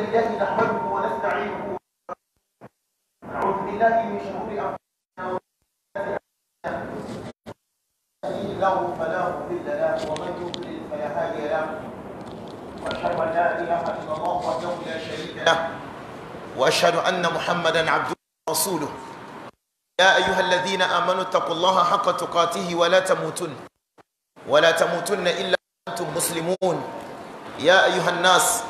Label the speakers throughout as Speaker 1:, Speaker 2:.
Speaker 1: نحمده ونستعينه بالله من شرور انفسنا له فلا مضل له ومن يضلل فلا هادي له واشهد ان لا اله الا الله وحده لا شريك له واشهد ان محمدا عبده ورسوله يا ايها الذين امنوا اتقوا الله حق تقاته ولا تموتن ولا تموتن الا انتم مسلمون يا ايها الناس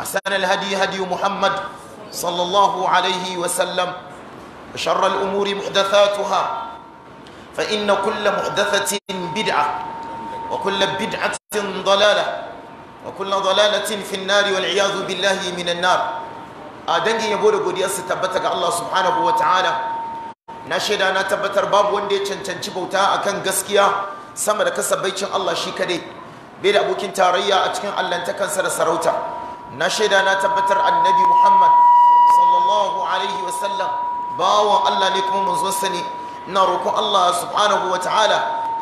Speaker 1: وأحسن الهدي هدي محمد صلى الله عليه وسلم وشر الأمور محدثاتها فإن كل محدثة بدعة وكل بدعة ضلالة وكل ضلالة في النار والعياذ بالله من النار أدنجي يقول قد يستبتك الله سبحانه وتعالى نشهد أنا تبتر باب وندي تنتنجي بوتا أكن قسكيا سمد كسبيتش الله شيكدي بيد أبوكين تاريا أتكن ألنتكن سر سروتا na shaida na tabbatar annabi muhammad sallallahu alaihi wasallam bawan allah ne kuma manzonsa ne na roƙon allah subhanahu wa ta'ala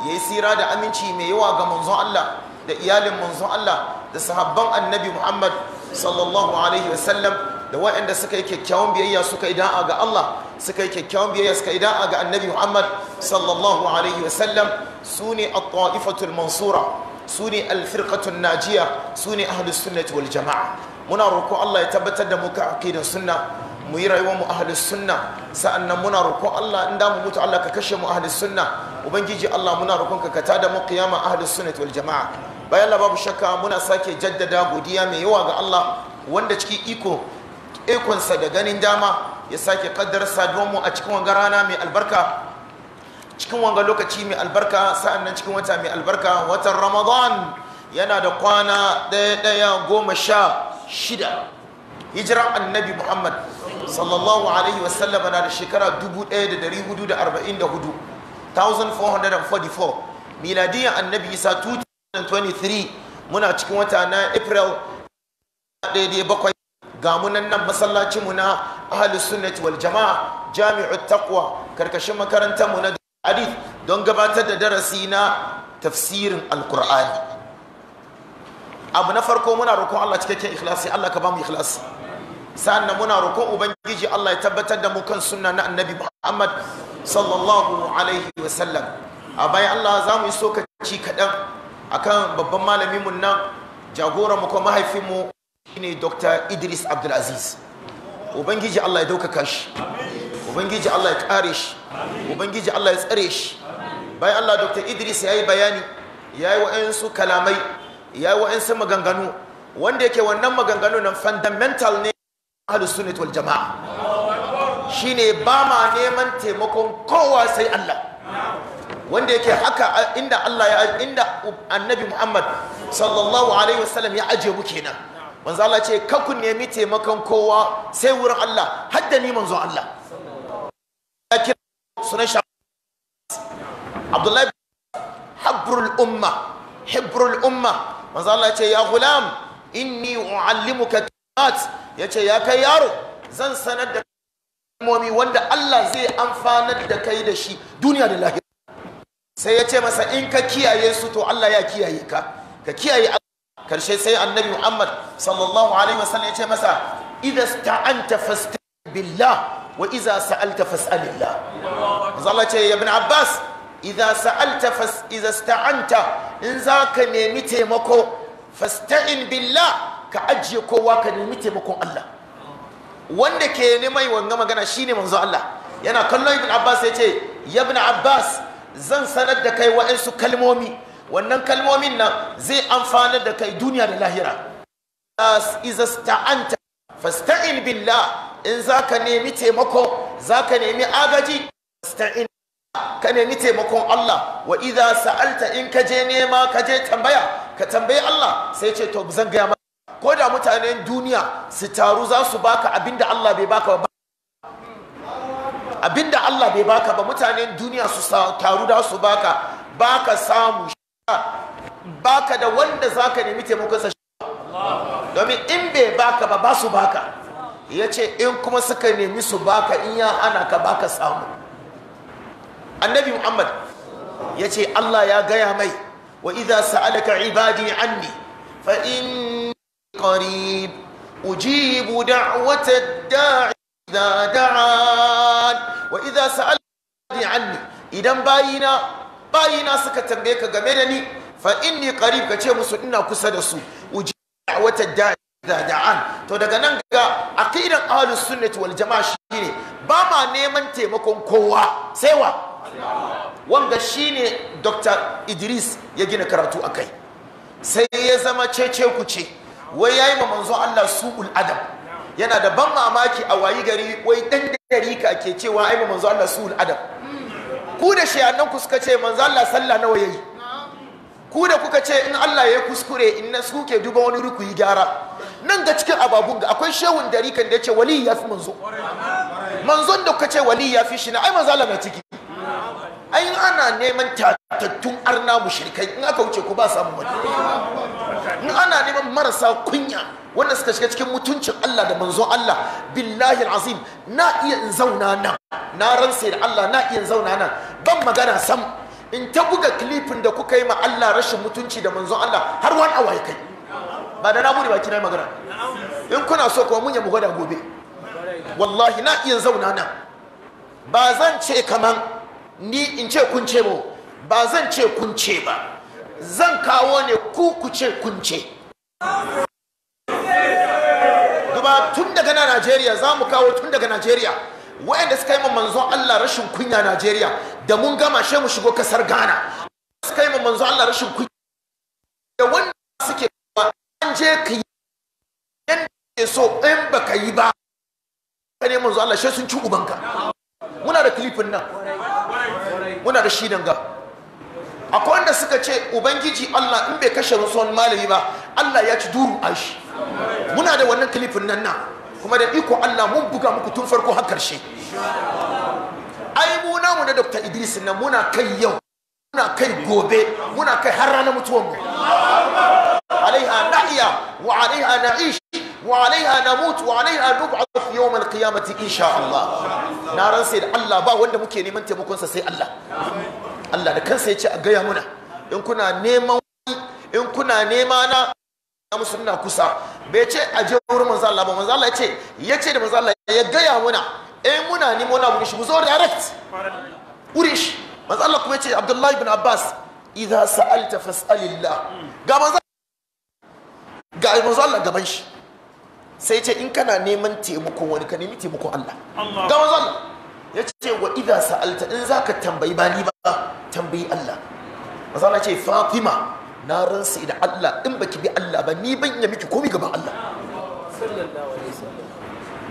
Speaker 1: ya yi tsira da aminci mai yawa ga manzon allah da iyalin manzon allah da sahabban annabi muhammad sallallahu alaihi wasallam da waɗanda suka yi kyakkyawan biyayya suka yi da'a ga Allah suka yi kyakkyawan biyayya suka yi da'a ga annabi Muhammad sallallahu alaihi wasallam su ne a ta'ifatul mansura su ne alfirkatun najiya su ne ahalus wal jama'a muna roƙo Allah ya tabbatar da mu ka aqidar sunna mu yi rayuwar mu ahalus sannan sa'annan muna roƙo Allah in damu mutu Allah ka kashe mu ahalus ubangiji Allah muna roƙon ka ka da mu qiyama ahalus sunnati wal jama'a bayan babu shakka muna sake jaddada godiya mai yawa ga Allah wanda ciki iko ikonsa da ganin dama ya sake kaddar mu a cikin wanga rana mai albarka cikin wanga lokaci mai albarka sa'an nan cikin wata mai albarka watan ramadan yana da kwana ɗaya ɗaya goma sha shida hijiran annabi muhammad sallallahu alaihi wasallam na da shekara 1444 1444 miladiyyar annabi isa 2023 muna cikin wata na april ɗaya bakwai ga munan nan masallacinmu na ahalus sunnati wal jama'a jami'ut taqwa karkashin makarantarmu na hadith don gabatar da darasi na tafsirin alkur'ani abu na farko muna roƙon Allah cikakken ikhlasi Allah ka ba mu ikhlasi sannan muna roƙon ubangiji Allah ya tabbatar da mu kan sunna na annabi Muhammad sallallahu alaihi wa sallam a bayan Allah za mu yi sokaci kaɗan akan babban malamin mu nan jagoran mu ko mahaifin mu shine Dr. Idris Abdulaziz ubangiji Allah ya daukaka shi ubangiji Allah ya kare shi ubangiji Allah ya tsare shi bayan Allah Dr. Idris ya yi bayani ya yi wa'ansu kalamai ya yi wa'ansu maganganu wanda yake wannan maganganu nan fundamental ne ahlus sunnah wal jama'a shine ba ma neman taimakon kowa sai Allah wanda yake haka inda Allah ya inda annabi Muhammad sallallahu alaihi wasallam ya aje mu kenan manzo Allah ce ka ku nemi taimakon kowa sai wurin Allah hadda ni manzo Allah sunan Abdullahi habrul umma hibrul umma manzo Allah ce ya gulam inni uallimuka kalimat yace ya kai yaro zan sanar da kalmomi wanda Allah zai amfanar da kai da shi duniya da lahira sai ya masa in ka kiyaye su to Allah ya kiyaye ka ka kiyaye karshe sai annabi muhammad sallallahu alaihi wasallam ya ce masa idza sta'anta fasta billah wa idza sa'alta fas'alillah Allah ce ya abbas idza sa'alta fas sta'anta in zaka nemi taimako fasta'in billah ka ajiye kowa ka nemi taimakon Allah wanda ke neman wanga magana shine manzo Allah yana kallon ibn abbas ya ce ya abbas zan sanar da kai wa'ansu kalmomi wannan kalmomin nan zai amfana da kai duniya da lahira iza sta'anta fasta'in billah in zaka nemi taimako ka nemi agaji fasta'in ka nemi taimakon Allah wa idza sa'alta in ka je nema ka je tambaya ka tambayi Allah sai ce to zan gaya maka ko da mutanen duniya su taru za su baka abinda Allah bai baka ba abinda Allah bai baka ba mutanen duniya su taru da su baka baka samu baka da wanda zaka nemi taimakon sa domin in bai baka ba ba su baka Ya ce in kuma suka nemi su baka in ya ana ka baka samu annabi muhammad ya ce Allah ya gaya mai wa idza sa'alaka ibadi anni fa in qarib ujibu da'wata da'i idza da'an wa idza sa'alaka ibadi anni idan bayina bayina suka tambaye ka game da ni fa inni qarib ka ce musu ina kusa da su uji wata da'i da'an to daga nan ga aqidan ahlus sunnati wal jama'a shine ba ma neman taimakon kowa sai wa wanga shine dr idris ya gina karatu akai sai ya zama cece ku ce wai yayi ma manzo Allah su'ul adab yana da ban mamaki a wayi gari wai dan dari ka ke cewa ai ma manzo Allah su'ul adab ku da ku suka ce manzo Allah sallah nawa yayi ku da kuka ce in Allah ya kuskure in na suke duba wani rukuyi gyara nan ga cikin ababun ga akwai shehun darikan da ya ce wali ya fi manzo manzon da kuka ce wali ya fi shi na ai manzo Allah na ciki ai ana neman tatattun arna mushrikai in aka wuce ku ba samu wani in ana neman marasa kunya wanda suka shiga cikin mutuncin Allah da manzon Allah billahi azim na iya in zauna nan na ransa da Allah na iya in zauna nan ban magana sam in ta buga klifin da kuka yi ma Allah rashin mutunci da manzon Allah har wani awa ya kai ba da na baki na magana in kuna so kuma mun mu gwada gobe wallahi na iya zauna nan ba zan ce kaman ni in ce kun ce mu ba zan ce kun ce ba zan kawo ne ku ku ce kun ce duba tun daga na Najeriya za mu kawo tun daga Najeriya wayanda suka yi manzon Allah rashin kunya Najeriya da mun gama shi mu shigo kasar Ghana suka yi manzon Allah rashin kunya da wanda suke an je ka yi yanda ke so in baka yi ba ka ne manzon Allah she sun ci ubanka muna da clipin nan muna da shi danga akwai wanda suka ce ubangiji Allah in bai kashe musu wani malami ba Allah ya ci duru a shi muna da wannan clipin nan na. kuma da iko Allah mun buga muku tun farko har karshe ai mu namu na Dr. Idris na muna kai yau muna kai gobe muna kai har ranar mutuwar mu
Speaker 2: alaiha nahya
Speaker 1: wa alaiha na'ish wa alaiha namut wa alaiha nub'ath yawm al-qiyamati insha Allah na ran sai da Allah ba wanda muke neman taimakon sa sai Allah Allah da kansa yace a gaya muna in kuna neman in kuna nema na mu suna kusa bai ce a je wurin manzo Allah ba manzo Allah ya ce ya ce da manzo Allah ya gaya muna eh muna ni muna wurin shi mu zo direct wurin shi manzo Allah kuma ya ce Abdullahi ibn Abbas idza sa'alta fas'alillah ga manzo ga manzo Allah gaban shi sai ce in kana neman taimako wani ka nemi taimako Allah ga manzo Allah ya ce wa idza sa'alta in zaka tambayi ba ni ba tambayi Allah manzo Allah ya ce Fatima na ransa da Allah in baki bi Allah ba ni ban ya miki komai gaban Allah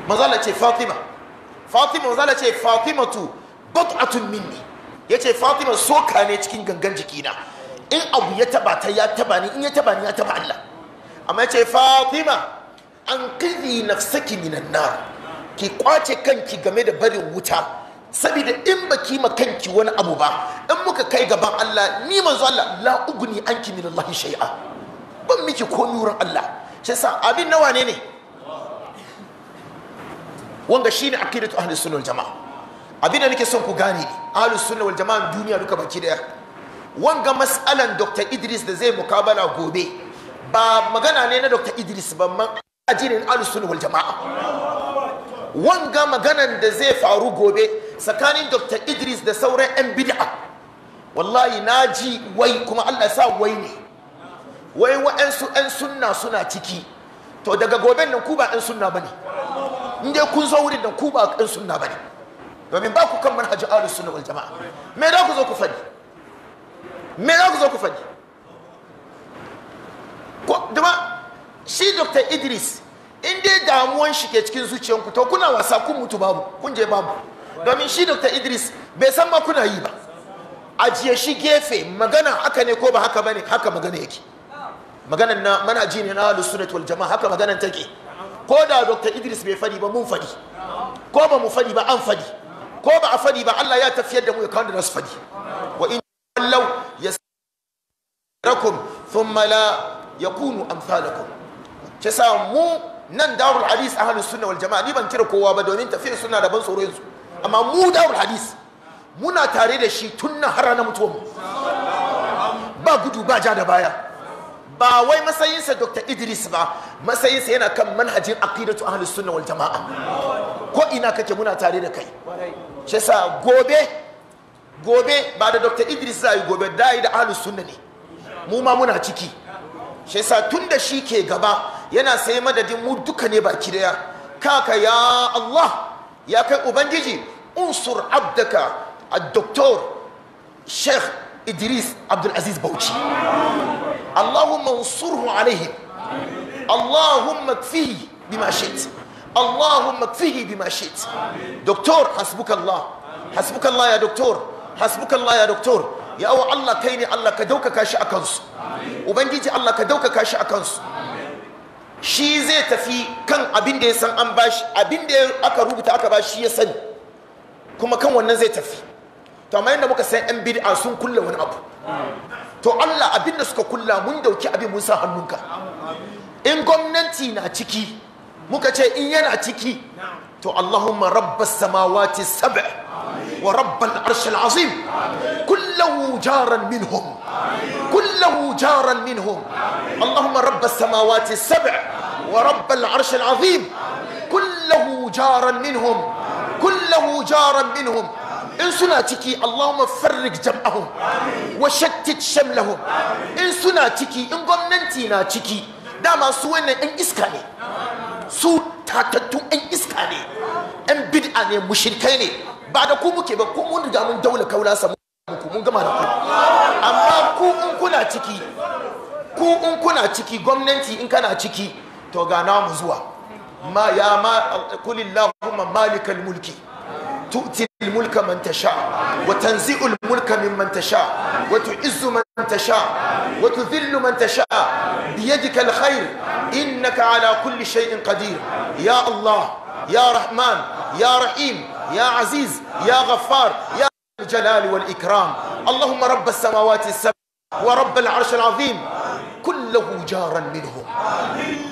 Speaker 1: manzala ce fatima fatima manzala ce fatima tu bat'atun minni yace fatima soka ne cikin gangan jikina in abu ya taba ta ya taba ni in ya taba ni ya taba Allah amma yace fatima an qidhi nafsaki minan nar ki kwace kanki game da barin wuta saboda in baki ma kanki wani abu ba in muka kai gaban Allah ni manzo Allah la ugni anki min Allah shay'a ban miki ko nuran Allah sai sa abin nawa ne ne wanga shine aqidatu ahli sunnah wal jamaa abin da nake son ku gane ahli sunnah wal jamaa duniya duka baki daya wanga mas'alan Dr Idris da zai mukabala gobe ba magana ne na Dr Idris ba man ajirin ahli sunnah wal
Speaker 2: jamaa
Speaker 1: wanga maganan da zai faru gobe tsakanin dr idris da sauran 'yan bid'a wallahi na ji wai kuma allah sa wai ne wai wa 'yan sunna suna ciki to daga goben nan ku 'yan sunna ba ne in kun zo wurin da ku 'yan sunna ba ne domin ba ku kan manhaji ahlus sunna wal jama'a me za ku zo ku faɗi me za ku zo ku faɗi ko shi dr idris in dai damuwan shi ke cikin zuciyanku to kuna wasa kun mutu babu kun je babu domin shi dr idris bai san ma kuna yi ba ajiye shi gefe magana haka ne ko ba haka bane haka magana yake maganan na manaji ne na ahlus sunnah wal jamaa haka maganan take ko da dr idris bai fadi ba mun fadi ko ba mu fadi ba an fadi ko ba a fadi ba Allah ya tafiyar da mu ya kawo da su fadi wa in wallau yasrakum thumma la yakunu amsalakum kisa mu nan darul hadis ahlus sunnah wal jamaa ni ban kira kowa ba domin tafiyar suna da ban tsoro yanzu amma mu darul hadis muna tare da shi tun na har na mutuwa mu ba gudu ba ja da baya ba wai matsayinsa dr idris ba matsayinsa yana kan manhajin aqidatu ahlus sunna wal jama'a ko ina kake muna tare da kai shi sa gobe gobe ba da dr idris za yi gobe dai da ahlus sunna ne mu ma muna ciki shi sa tun da shi ke gaba yana sai madadin mu duka ne baki daya kaka ya allah ya kai ubangiji unsur abdaka a doktor sheikh idris abdulaziz bauchi allahumma unsurhu alaihim allahumma kfihi bima shit allahumma kfihi bima shit doktor hasbukallah hasbukallah ya doktor hasbukallah ya doktor ya awa allah kai ne allah ka daukaka shi a kansu ubangiji allah ka daukaka shi a kansu shi zai tafi kan abin da ya san an bashi abin da aka rubuta aka bashi shi ya sani kuma kan wannan zai tafi to amma yadda muka san yan bid'a sun kulle wani abu to Allah abin da suka kulla mun dauki abin mun sa hannunka in gwamnati na ciki muka ce in yana ciki to Allahumma rabbas samawati sab'a wa rabbal arshil azim kullu jaran minhum له جارا منهم اللهم رب السماوات السبع ورب العرش العظيم كله جارا منهم كله جارا منهم إن سناتك اللهم فرق جمعهم وشتت شملهم إن سناتك إن ظننتي ناتك داما سوين إن إسكاني سو تاتتو إن إسكاني إن بدعاني مشركيني بعد كومو كيبا كومو نرجع من دولة كولاسة amma ku in kuna ciki ku in kuna ciki gwamnati in kana ciki to ga namu zuwa ma ya ma kulillahumma malikal mulki tu'ti al mulka man tasha wa tanzi'u al mulka mimman tasha wa tu'izzu man tasha wa tudhillu man tasha bi yadika al khair innaka ala kulli shay'in qadir ya allah ya rahman ya rahim ya aziz ya ghaffar ya الجلال والإكرام اللهم رب السماوات السبع ورب العرش العظيم كله جارا منهم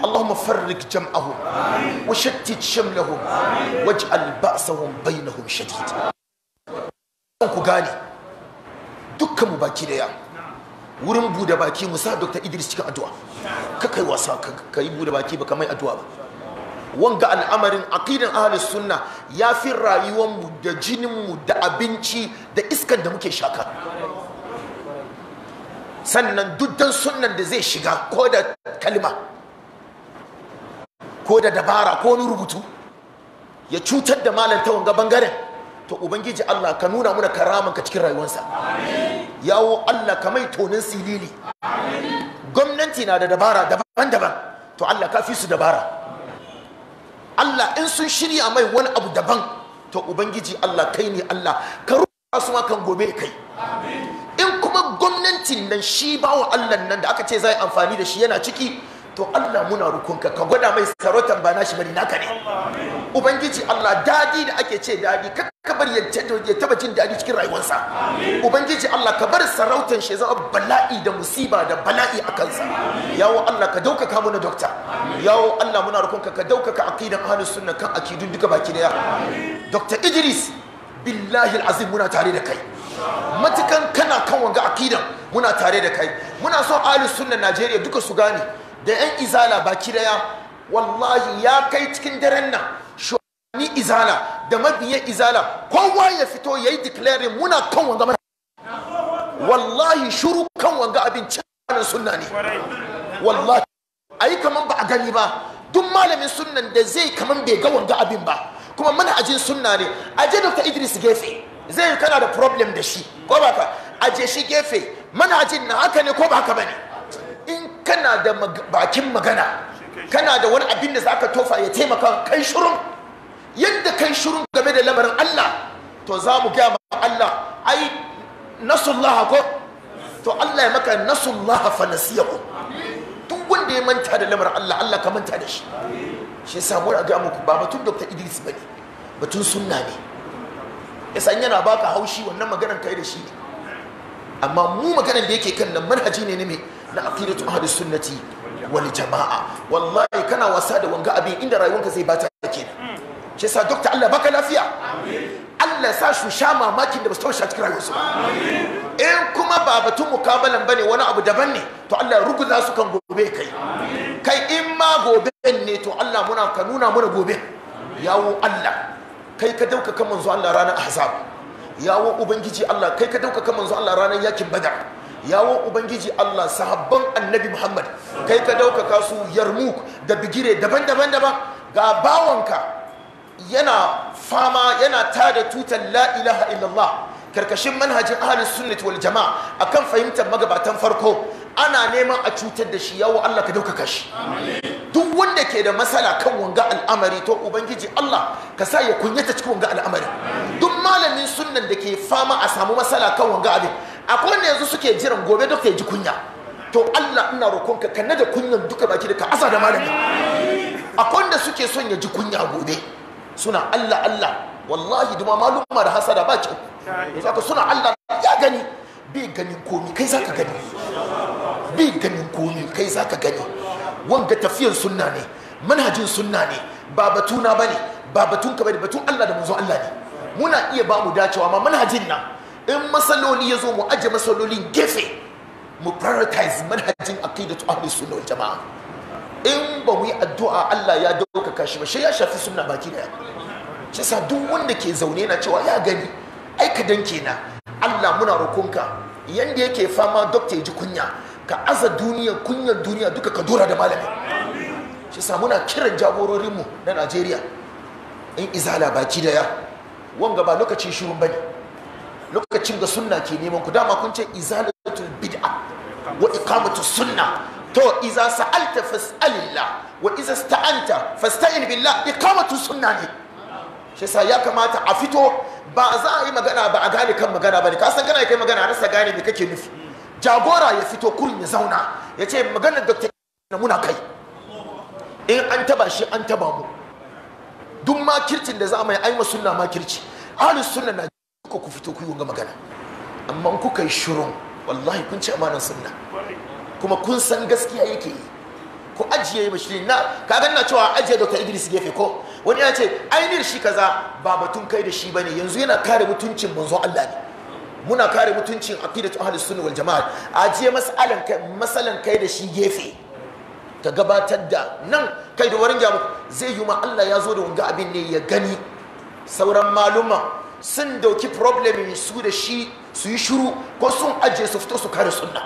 Speaker 1: اللهم فرق جمعهم وشتت شملهم واجعل بأسهم بينهم شديد ku gane dukkan mu baki daya wurin bude baki mu sa Dr. Idris cikin addu'a ka kai wasa ka yi bude baki ba kamar addu'a ba wanga al'amarin aqidan ahli sunna ya fi rayuwar mu da jinin mu da abinci da iskan da muke shaka sannan duddan sunnan da zai shiga ko da kalma ko da dabara ko wani rubutu ya cutar da malam ta wanga bangaren to ubangiji Allah ka nuna muna karamanka cikin rayuwarsa yawo Allah ka mai tonin silili gwamnati na da dabara daban-daban to Allah ka fi su dabara Allah in sun shirya mai wani abu daban to ubangiji Allah kai ne Allah ka ruwa su kan gobe kai in kuma gwamnatin nan shi bawa Allah nan da aka ce zai amfani da shi yana ciki to Allah muna rukunka ka gwada mai sarautan ba nashi bari naka ne ubangiji Allah dadi da ake ce dadi ka bar ya taba jin dadi cikin rayuwarsa ubangiji Allah ka bar sarautan shi zama bala'i da musiba da bala'i a kansa yawo Allah ka daukaka mu dokta yawo Allah muna roƙonka ka daukaka aqidan ahlus sunna kan akidun duka baki daya Dr. Idris billahi alazim muna tare da kai matukan kana kan wanga akidan muna tare da kai muna so ahlus sunna Najeriya duka su gane da yan izala baki daya wallahi ya kai cikin daren nan ni izala da mabiya izala kowa ya fito ya yi declaring muna kan wanga mana wallahi shuru kan wanga abin canan sunna ne wallahi a yi kaman ba a gani ba duk malamin sunnan da zai kaman bai ga wanga abin ba kuma mana ajin sunna ne aje dr idris gefe zai kana da problem da shi ko ba ka aje shi gefe mana ajin na haka ne ko ba haka ba ne in kana da bakin magana kana da wani abin da za ka tofa ya taimaka kai shirin yadda kai shirin game da lamarin Allah to za mu gaya Allah ai nasullaha ko to Allah ya maka nasullaha fa nasiyakum duk wanda ya manta da lamarin Allah Allah ka manta da shi shi yasa mu ga muku ba batun Dr. Idris bane batun sunna ne yasa yana baka haushi wannan maganar kai da shi ne amma mu maganar da yake kan nan manhaji ne ne na aqidatu ahli sunnati wal jamaa wallahi kana wasa da wanga abin inda rayuwanka zai bata kenan shi sa dokta Allah baka lafiya Allah sa su sha mamakin da ba su taɓa sha cikin rayuwarsu in kuma ba batun mukabalan bane wani abu daban ne to Allah ruguza su kan gobe kai kai in ma gobe ne to Allah muna ka nuna mana gobe yawo Allah kai ka dauka kan manzo Allah ranar ahzab yawo ubangiji Allah kai ka dauka kan manzo Allah ranar yakin badar yawo ubangiji allah sahabban annabi muhammad kai ka daukaka su yarmuk da bigire daban-daban daban ga bawanka yana fama yana tada tutar la ilaha illallah karkashin manhajin ahalin sunnati wal jama'a akan fahimtar magabatan farko ana neman a cutar da shi yawo Allah ka dauka kashi. duk wanda ke da matsala kan wanga al'amari to ubangiji Allah ka sa ya kunyata cikin wanga al'amari duk malamin sunnan da ke fama a samu matsala kan wanga abin akwai wanda yanzu suke jiran gobe duk ya ji kunya to Allah ina roƙonka ka da kunyan duka baki da ka asa da malami akwai wanda suke son ya ji kunya gobe suna Allah Allah wallahi duma maluma da hasada ba kyau saka suna Allah ya gani bi ganin komi kai zaka gani bi ganin komi kai zaka gani wanga tafiyan sunna ne manhajin sunna ne ba batuna bane ba batun ka bane batun Allah da manzo Allah ne muna iya ba mu dacewa ma manhajin nan in masaloli ya zo mu aje masalolin gefe mu prioritize manhajin aqidatu ahlus sunna wal jamaa in ba mu yi addu'a Allah ya daukaka shi ba shi ya shafi sunna baki daya shi sa duk wanda ke zaune na cewa ya gani aika ka dan kenan Allah muna rokonka yanda yake fama doctor ji kunya ka aza duniya kunyar duniya duka ka dora da malami shi sa muna kiran mu na Najeriya in izala baki daya wanga ba lokacin shiru bane lokacin ga sunna ke neman ku dama kun ce izalatul bid'a wa iqamatu sunna to iza sa'alta fas'alillah wa iza sta'anta fasta'in billah iqamatu sunna ne shi sa ya kamata a fito ba za a yi magana ba a gane kan magana ba ne ka san kana kai magana a sa gane me kake nufi jagora ya fito kurin ya zauna ya ce magana dr na muna kai in an taba shi an taba mu duk makircin da za mu yi aima sunna makirci ahlus sunna na kuka ku fito ku yi magana amma kuka yi shirun wallahi kun ci amanar sunna kuma kun san gaskiya yake yi ku ajiye mashi na kaga na cewa ajiye dr idris gefe ko wani ya ce ainihin shi kaza ba batun kai da shi bane yanzu yana kare mutuncin manzo Allah ne muna kare mutuncin aqidatu ahlus sunna wal jamaa ajiye masalan kai kai da shi gefe ka gabatar da nan kai da warin jamu zai yi ma Allah ya zo da wanga abin ne ya gani sauran maluma sun dauki problem su da shi su yi shuru. ko sun ajiye su fito su kare sunna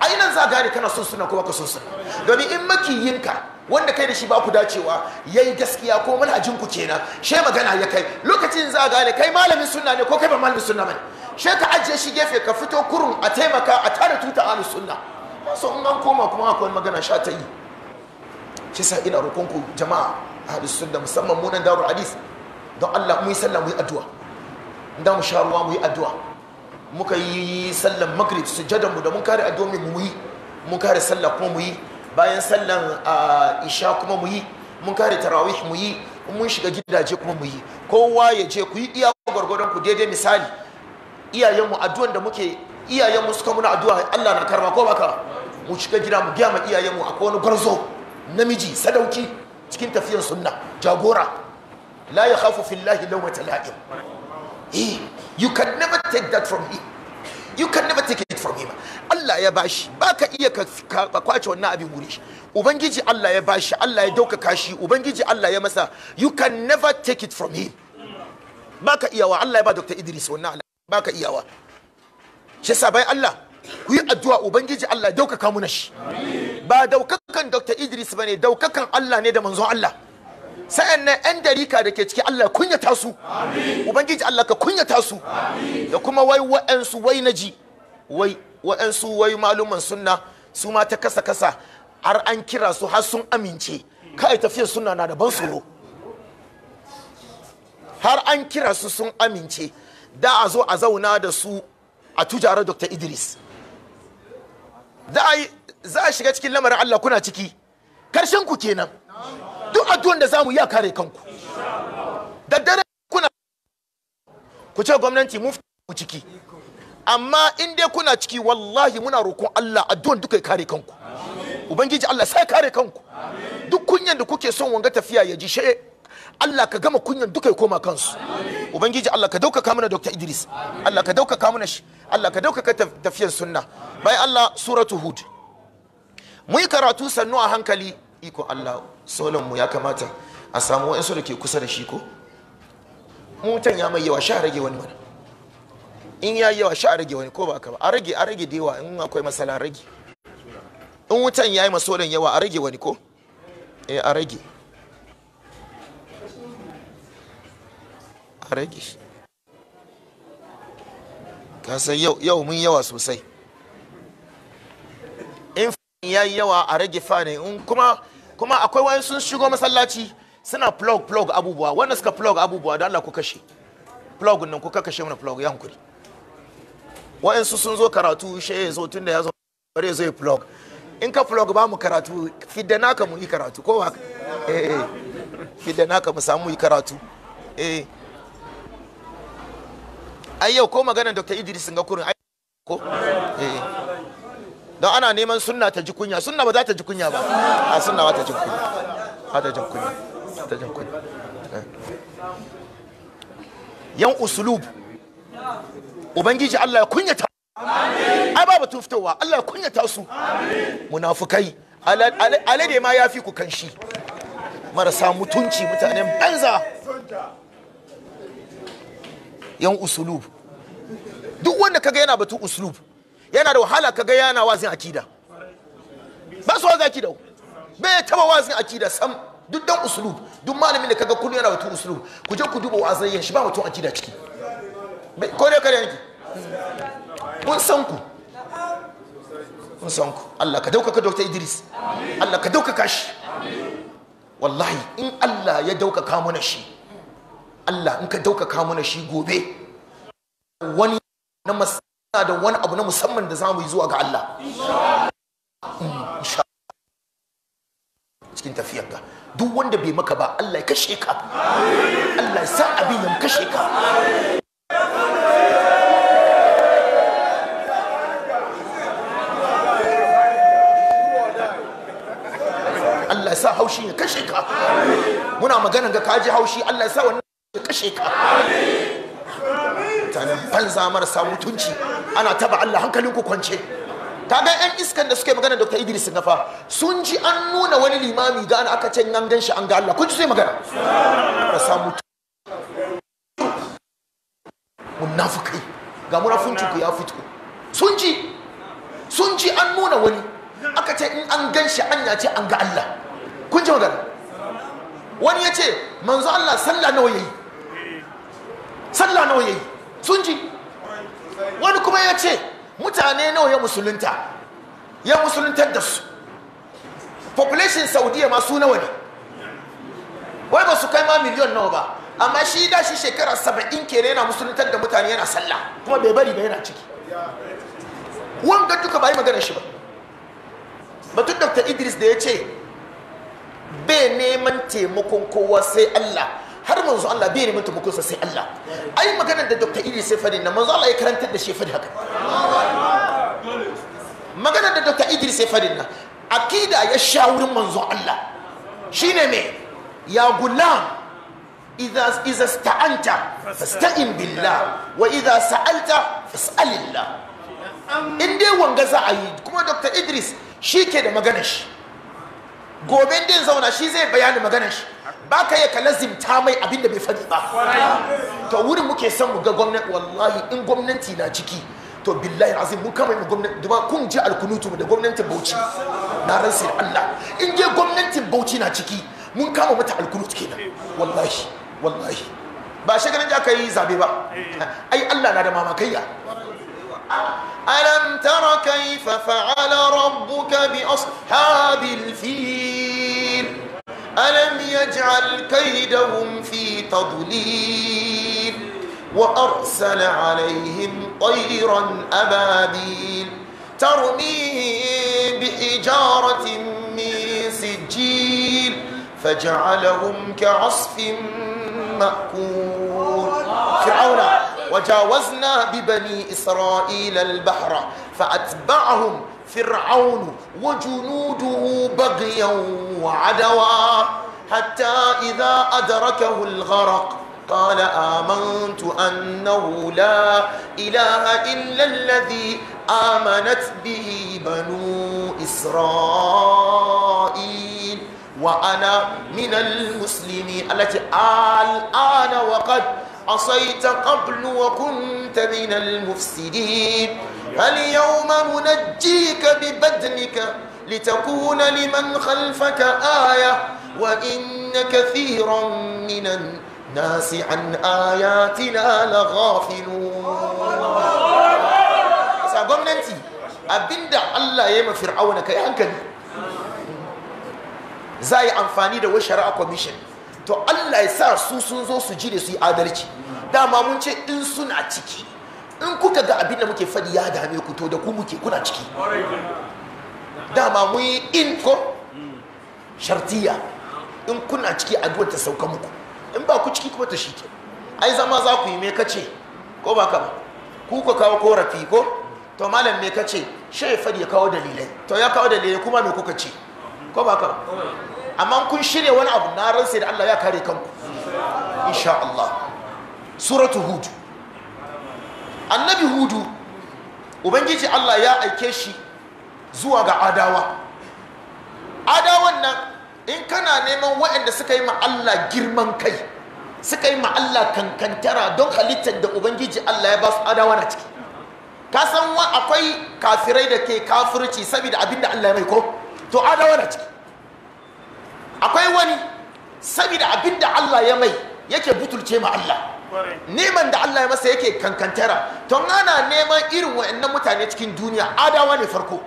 Speaker 1: a yi nan za gane kana son suna ko baka son suna domin in makiyinka wanda kai da shi ba ku dacewa ya yi gaskiya ko manhajin ku kenan she magana ya kai lokacin za gane kai malamin suna ne ko kai ba malamin suna mai she ka ajiye shi gefe ka fito kurun a taimaka a tare tuta alu suna so in an koma kuma akwai magana sha ta yi shi sa ina roƙon ku jama'a ahlus sunna musamman mu nan darul hadis don Allah mu yi sallah mu yi addu'a dan mu sha ruwa mu yi addu'a muka yi sallan magrib sujadan mu da mun kare addu'o'i mu yi mun kare sallah kuma mu yi bayan sallan isha kuma mu yi mun kare tarawih mu yi mun shiga gidaje kuma mu yi kowa ya je ku yi iya gwargwadon ku daidai misali iyayenmu addu'an da muke iyayenmu suka muna addu'a Allah na karba ko baka mu shiga gida mu gaya ma iyayenmu akwai wani gwarzo namiji sadauki cikin tafiyar sunna jagora la yakhafu fillahi lawmata la'im eh you can never take that from him you can never take it from him Allah ya bashi baka iya ka kwace wannan abin wuri shi ubangiji Allah ya bashi Allah ya daukaka shi ubangiji Allah ya masa you can never take it from him baka iyawa Allah ya ba Dr. Idris wannan baka iyawa shi yasa bai Allah ku yi addu'a ubangiji Allah ya daukaka mu na shi ba daukakan Dr. Idris bane daukakan Allah ne da manzon Allah sa'an nan 'yan darika da ke ciki Allah kunyata su ubangiji Allah ka kunyata su da kuma wai wa'ansu wai na ji wai wa'ansu wai maluman sunna su ma ta kasa kasa har an kira su har sun amince kai tafiyar sunna na da ban tsoro har an kira su sun amince da a zo a zauna da su a tujara Dr. Idris za a shiga cikin lamarin Allah kuna ciki karshen ku kenan duk addu'an da zamu ya kare kanku da dare kuna ku ce gwamnati mu ku ciki amma in dai kuna ciki wallahi muna roƙon Allah addu'an duka ya kare kanku ubangiji Allah sai kare kanku duk kunyan da kuke son wanga tafiya ya ji she Allah ka gama kunyan duka ya koma kansu ubangiji Allah ka dauka mana Dr. Idris Allah ka dauka mana shi Allah ka dauka tafiyar sunna bai Allah suratu hud mu yi karatu sannu a hankali iko Allah solan mu ya kamata a samu waɗansu da ke kusa da shi ko mutan ya mai yawa sha rage wani mana in ya yi yawa sha rage wani ko ba ka ba a rage a rage da yawa in akwai masala rage in wutan ya yi da yawa a rage wani ko eh a rage a rage ka san yau yau mun yawa sosai in ya yi yawa a rage fane in kuma kuma akwai wayan sun shigo masallaci suna plug plug abubuwa wanda suka plug abubuwa da Allah ku kashe plug nan ku kashe mana plug ya hankuri wayansu sun zo karatu shi ya zo tunda ya zo bare zai plug in ka plug ba mu karatu fidda naka mu yi karatu ko ba eh, eh fidda naka mu samu yi karatu eh ai yau ko magana Dr. Idris Ngakurin kurin ko eh, eh. don ana neman sunna ta ji kunya sunna ba za ta ji kunya ba a sunna ba ta ji kunya ba ta ji kunya ta ji kunya eh. yan usulub ubangiji Allah ya kunya ta ai ba batun fitowa Allah ya ta su munafukai alade ma ya fi ku kanshi marasa mutunci mutanen banza yan usulub duk wanda kaga yana batun usulub yana da wahala ka ga yana wazin akida ba su wazin akida bai taba wazin akida sam duk dan uslub duk malamin da kaga kullu yana batun uslub ku je ku duba wazayyan shi ba wato akida ciki ko ne kare yanki kun san ku mun san ku Allah ka ka Dr. Idris Allah ka ka shi wallahi in Allah ya ka mana shi Allah in ka ka mana shi gobe wani na masu da wani abu na musamman da zamu yi zuwa ga Allah cikin tafiyar ga duk wanda bai maka ba Allah ya kashe ka Allah ya sa abin ya kashe ka Allah ya sa haushi ya kashe ka muna magana ga kaji haushi Allah ya sa wannan ya kashe ka Amin. mutanen banza marasa mutunci ana taba Allah hankalin ku kwance kaga yan iskan da suke magana Dr. Idris Nafa, sun ji an nuna wani limami ga an aka ce an ganshi an ga Allah kun ji sai magana marasa mutunci munafikai ga munafunci ku ya fitu sun ji sun ji an nuna wani aka ce in an ganshi an ya ce an ga Allah kun ji magana wani ya ce manzo Allah sallah nawa yayi sallah nawa yayi sun ji wani kuma ya ce mutane nawa ya musulunta ya musuluntar da su population saudiya ma su nawa ne wai ba su kai ma miliyon nawa ba amma shi da shi shekara saba'in kenan yana musuluntar da mutane yana sallah kuma bai bari ba yana ciki wanda duka ba yi magana shi ba batun dr idris da ya ce bai neman taimakon kowa sai allah har manzo Allah bai neman taimakonsa sai Allah ai maganar da Dr. Idris sai fadi na manzo Allah ya karantar da shi fadi haka maganar da Dr. Idris sai fadi na akida ya sha wurin manzo Allah shine me ya gulam إذا إذا استعنت فاستعن بالله وإذا سألت فاسأل الله in dai wanga za a yi kuma dr idris shi ke da maganar shi gobe din zauna shi zai bayani maganar shi ba ka yi yaka lazimta mai abin da bai faɗi ba to wurin muke son mu ga gwamnati wallahi in gwamnati na ciki to billahi azim mun kama mu gwamnati da kun ji alkunutu da gwamnatin Bauchi na ransa Allah in je gwamnatin Bauchi na ciki mun kama mata alkunut kenan wallahi wallahi ba shi ganin aka yi zabe ba ai Allah na da mamakaiya alam tara kayfa fa'ala rabbuka bi ashabil fil ألم يجعل كيدهم في تضليل وأرسل عليهم طيرا أبابيل ترميهم بحجارة من سجيل فجعلهم كعصف مأكول فرعون وجاوزنا ببني إسرائيل البحر فأتبعهم فرعون وجنوده بغيا وعدوا حتى إذا أدركه الغرق قال آمنت أنه لا إله إلا الذي آمنت به بنو إسرائيل وأنا من المسلمين التي الآن وقد عصيت قبل وكنت من المفسدين فاليوم ننجيك ببدنك لتكون لمن خلفك آية وإن كثيرا من الناس عن آياتنا لغافلون gwamnati abinda Allah ya yi mafi fir'auna kai hankali za yi amfani da wasu shari'a commission to Allah ya sa su sun zo su ji da su yi adalci dama mun ce in suna ciki in kuka ga abin da muke fadi ya dame ku to da ku muke kuna ciki dama mu yi in ko shartiya in kuna ciki addu'ar ta sauka muku in ba ku ciki kuma ta shike ai zama za ku yi me kace ko ba ka ba ku ka kawo korafi ko to malam me kace shi ya fadi ya kawo dalilai to ya kawo dalilai kuma me kuka ce ko ba ka ba amma kun shirya wani abu na ran ransa da Allah ya kare kanku insha Allah suratu hud annabi hudu ubangiji allah ya aike shi zuwa ga adawa adawan nan in kana neman waɗanda suka yi ma allah girman kai suka yi ma allah kankantara don halittar da ubangiji allah ya ba su adawa na ciki ka san wa akwai kafirai da ke kafirci saboda abin da allah ya mai ko to adawa na ciki akwai wani saboda abin da allah ya mai yake butulce ma allah neman da Allah ya masa yake kankantara to ana neman irin wa'annan mutane cikin duniya adawa ne farko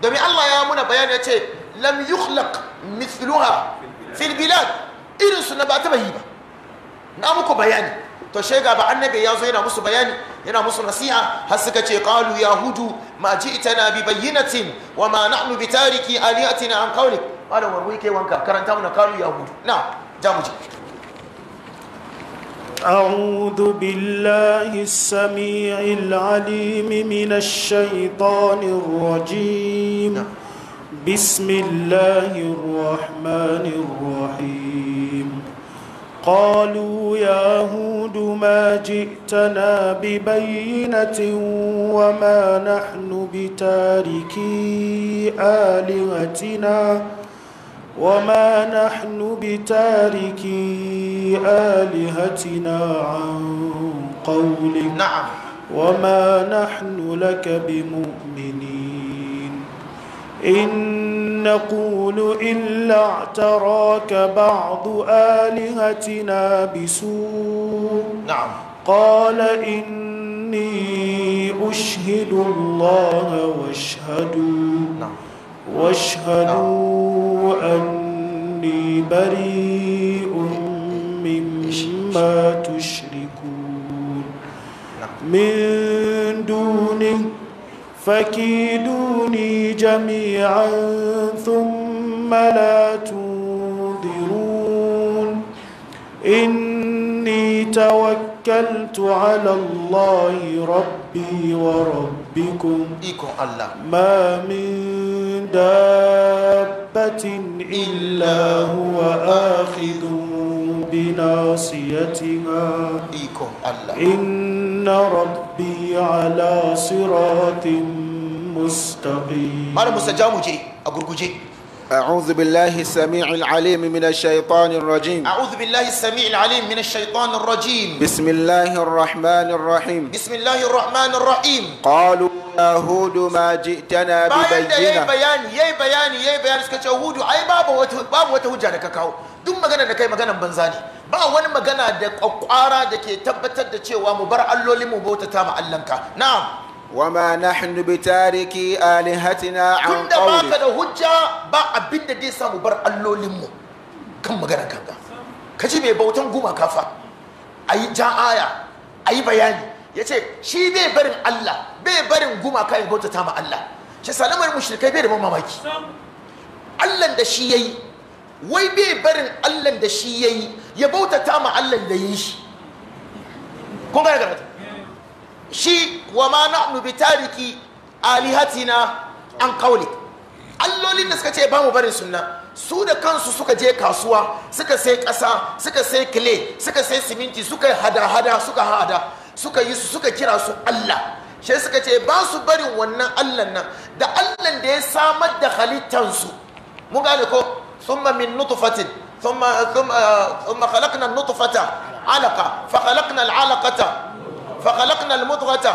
Speaker 1: domin Allah ya muna bayani ya ce lam yukhlaq mithluha fil bilad irin su na ba ta bayi ba na muku bayani to ga ba annabi ya zo yana musu bayani yana musu nasiha har suka ce qalu yahudu ma ji'tana bi bayyinatin wa ma nahnu bi tariki aliyatina an qawlik qala warwi kai wanka karanta mu na qalu yahudu na ja
Speaker 3: أعوذ بالله السميع العليم من الشيطان الرجيم نعم. بسم الله الرحمن الرحيم قالوا يا هود ما جئتنا ببينة وما نحن بتاركي آلهتنا وما نحن بتاركي آلهتنا عن قولك نعم وما نحن لك بمؤمنين إن نقول إلا اعتراك بعض آلهتنا بسوء نعم قال إني أشهد الله واشهدوا نعم واشهدوا أني بريء مما تشركون من دونه فكيدوني جميعا ثم لا تنظرون إني توكلت توكلت على الله ربي وربكم ما من دابة إلا هو آخذ بناصيتها إن ربي على صراط مستقيم ما مستجاب جي أقول جي
Speaker 1: أعوذ بالله السميع العليم من الشيطان الرجيم أعوذ بالله السميع العليم من الشيطان الرجيم بسم الله الرحمن الرحيم بسم الله الرحمن الرحيم قالوا يا هود ما جئتنا ببينة يا بيان يا بيان يا بيان سكت هود أي باب باب وتهجى لك كاو دم مجانا لك مجانا بنزاني ba wani magana da kwakwara da ke tabbatar da cewa mu bar allolin mu bauta ta mu allanka na'am wama nahnu bitariki alihatina an qawli tunda ka da hujja ba abin da zai samu bar allolin mu kan magana kanka kace mai bautan gumaka fa ayi ja aya ayi bayani yace shi bai barin Allah bai barin gumaka ya bauta ta ma Allah shi salamar mushrikai bai da mamaki Allah da shi yayi wai bai barin Allah da shi yayi ya bauta ta ma Allah da yi shi kun ga ga shi wa ma nahnu bi tariki alihatina an qawli allolin da suka ce ba mu barin sunna su da kansu suka je kasuwa suka sai ƙasa suka sai kile suka sai siminti suka hada-hada suka hada suka yi su suka kira su Allah shi suka ce ba su barin wannan Allah nan da Allah da ya samar da halittansu mu gane ko thumma min nutfatin thumma thumma khalaqna nutfata alaqa fa khalaqna al'alaqata فخلقنا المضغة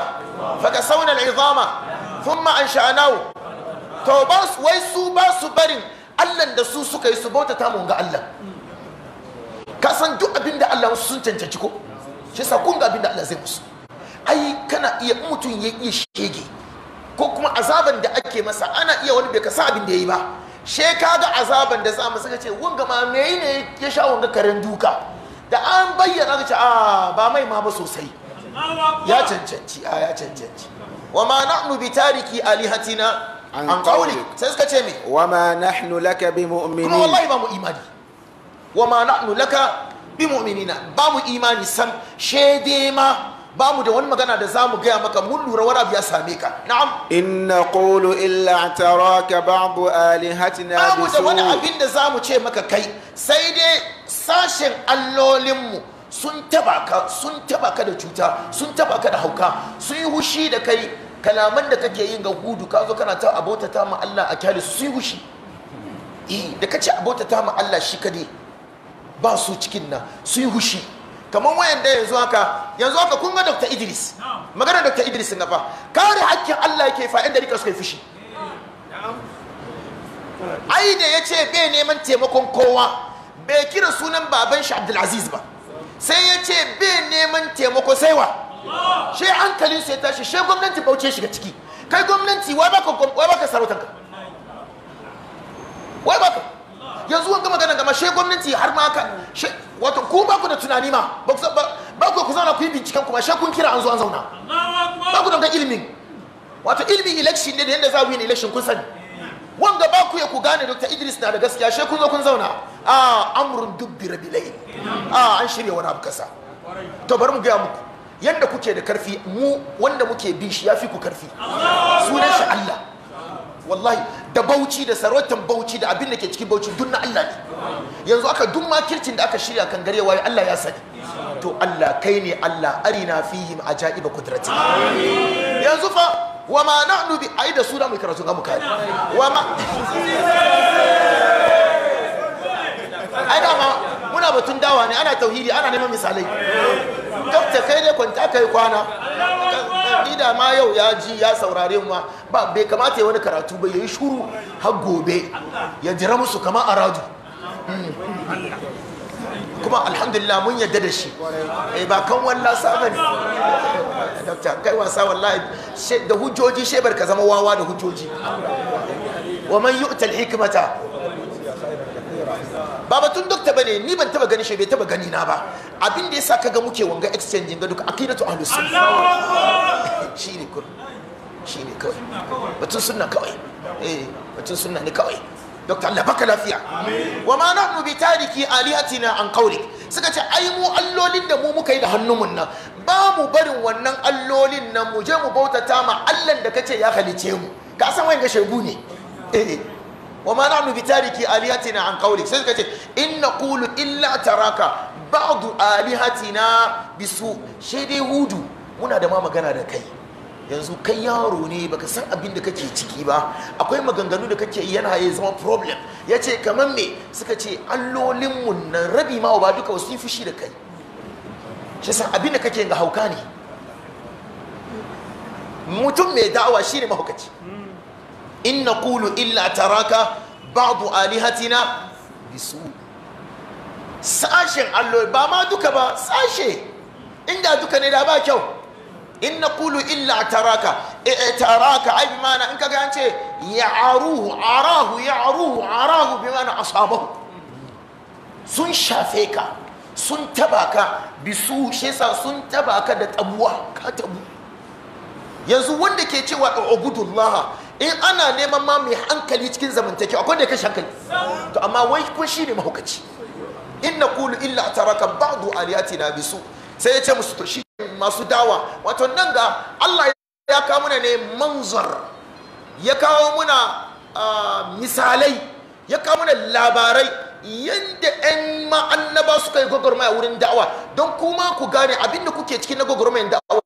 Speaker 1: فكسونا العظام ثم أنشأناه to ba su wai su ba su barin Allah da su suka yi su bauta ta mun ga ka san duk abin da Allah sun cancanci ko shi sa kun ga Allah zai musu ai kana iya mutum ya iya shege ko kuma azaban da ake masa ana iya wani bai kasa abin da ya yayi ba Sheka kaga azaban da za mu suka ce wanga ma me ne ya sha wanga karen duka da an bayyana ka ce a ba mai ma ba sosai ya cancanci a ya cancanci wa ma nahnu bi tariki alihatina an qawli sai suka ce mi wa ma nahnu laka bi mu'minin kuma wallahi ba mu imani wa ma nahnu laka bi mu'minina ba mu imani san. shede ma ba mu da wani magana da za mu gaya maka mun lura wani abu ya same ka na'am inna qulu illa taraka ba'du alihatina bisu ba mu da wani abin da za mu ce maka kai sai dai sashen allolinmu sun taba ka sun taba ka da cuta sun taba ka da hauka sun yi hushi da kai kalaman da kake yin ga hudu ka zo kana ta abota ta ma Allah a kyali su yi hushi eh da kace abota ta ma Allah shi kade ba su cikin nan su yi hushi kamar wayanda yanzu haka yanzu haka kun ga Dr. Idris magana Dr. Idris sun fa kare hakkin Allah yake fa inda rika suka yi fushi ai da yace bai neman taimakon kowa bai kira sunan baban shi Abdulaziz ba sai ya ce bai neman taimako sai wa shi hankalin sai tashi shi gwamnati bauce shiga ciki kai gwamnati wai baka wai baka sarautanka wai baka yanzu wanda magana gama shi gwamnati har ma ka wato ku ba ku da tunani ma ba ku ku zauna ku yi binciken kuma shi kun kira an zo an zauna ba ku da ilimin wato ilimin election ne da yadda za ku yi election kun sani wanda ba ku ya ku gane dr idris na da gaskiya shi kun zo kun zauna a amrun dubbi rabilai a an shirya wani abu kasa to bari mu gaya muku yadda kuke da karfi mu wanda muke bin shi ya fi ku karfi sunan shi allah wallahi da bauchi da sarautan bauchi da abin da ke cikin bauchi duk na allah
Speaker 2: ne
Speaker 1: yanzu aka duk makircin da aka shirya kan gare waye allah ya sani to allah kai ne allah arina fihim ajaiba kudratin yanzu fa wa ma na'nu bi ai da su da karatu ga mu wa ma ai da ma muna batun dawa ne ana tauhidi ana neman misalai dokta kai ne kwanta kai kwana ida ma yau ya ji ya saurare mu ba bai kamata ya wani karatu ba yi shuru har gobe ya jira musu kamar aradu
Speaker 2: hmm.
Speaker 1: kuma alhamdulillah mun yadda da shi eh ba kan wallah sabani dokta kai wasa wallahi da hujjoji she barka zama wawa da hujjoji wa man yu'ta alhikmata hikmata ba batun dokta bane ni ban taba gani she bai taba gani na ba abin da yasa kaga muke wanga exchange ga duka aqidatu ahlus sunna shine kawai shine kawai batun sunna kawai eh batun sunna ne kawai dr allah baka lafiya wa ma nahnu bi tariki alihatina an qawlik suka ce ai mu allolin da mu muka yi da hannunmu nan ba mu barin wannan allolin nan mu je mu bautata ma allan da kace ya halice mu ka san wayan ga shegu ne eh, eh wa ma nahnu bi tariki alihatina an qawlik sai suka ce in naqulu illa taraka ba'du alihatina bisu shi hudu muna da ma magana da kai yanzu kai yaro ne baka san abin da kake ciki ba akwai maganganu da kake yana ya zama problem ya ce kamar me suka ce allolinmu nan rabi ma ba duka wasu fushi da kai shi san abin da kake ga hauka ne mutum mai da'awa shine mahaukaci in Kulu illa taraka ba'du alihatina bisu sashen allo ba ma duka ba sashe inda duka ne da ba kyau in na kulu illa taraka eh, eh, taraka ai bimana in kaga an ce ya aruhu arahu ya aruhu arahu bimana asabahu sun shafe ka sun taba ka bisu shesa sun taba ka da tabuwa ka tabu yanzu wanda ke cewa ubudullah in ana neman ma mai hankali cikin zamantake, akwai da ya kashe hankali to amma wai shi ne mahaukaci in na kulu illa taraka ba'du na bisu sai ya ce musu to shi masu dawa wato nan ga Allah ya kawo muna ne manzar ya kawo muna misalai ya kawo muna labarai yadda 'yan ma'annaba suka yi gwagwarmaya wurin da'awa don kuma ku gane abinda kuke cikin na gwagwarmayan da'awa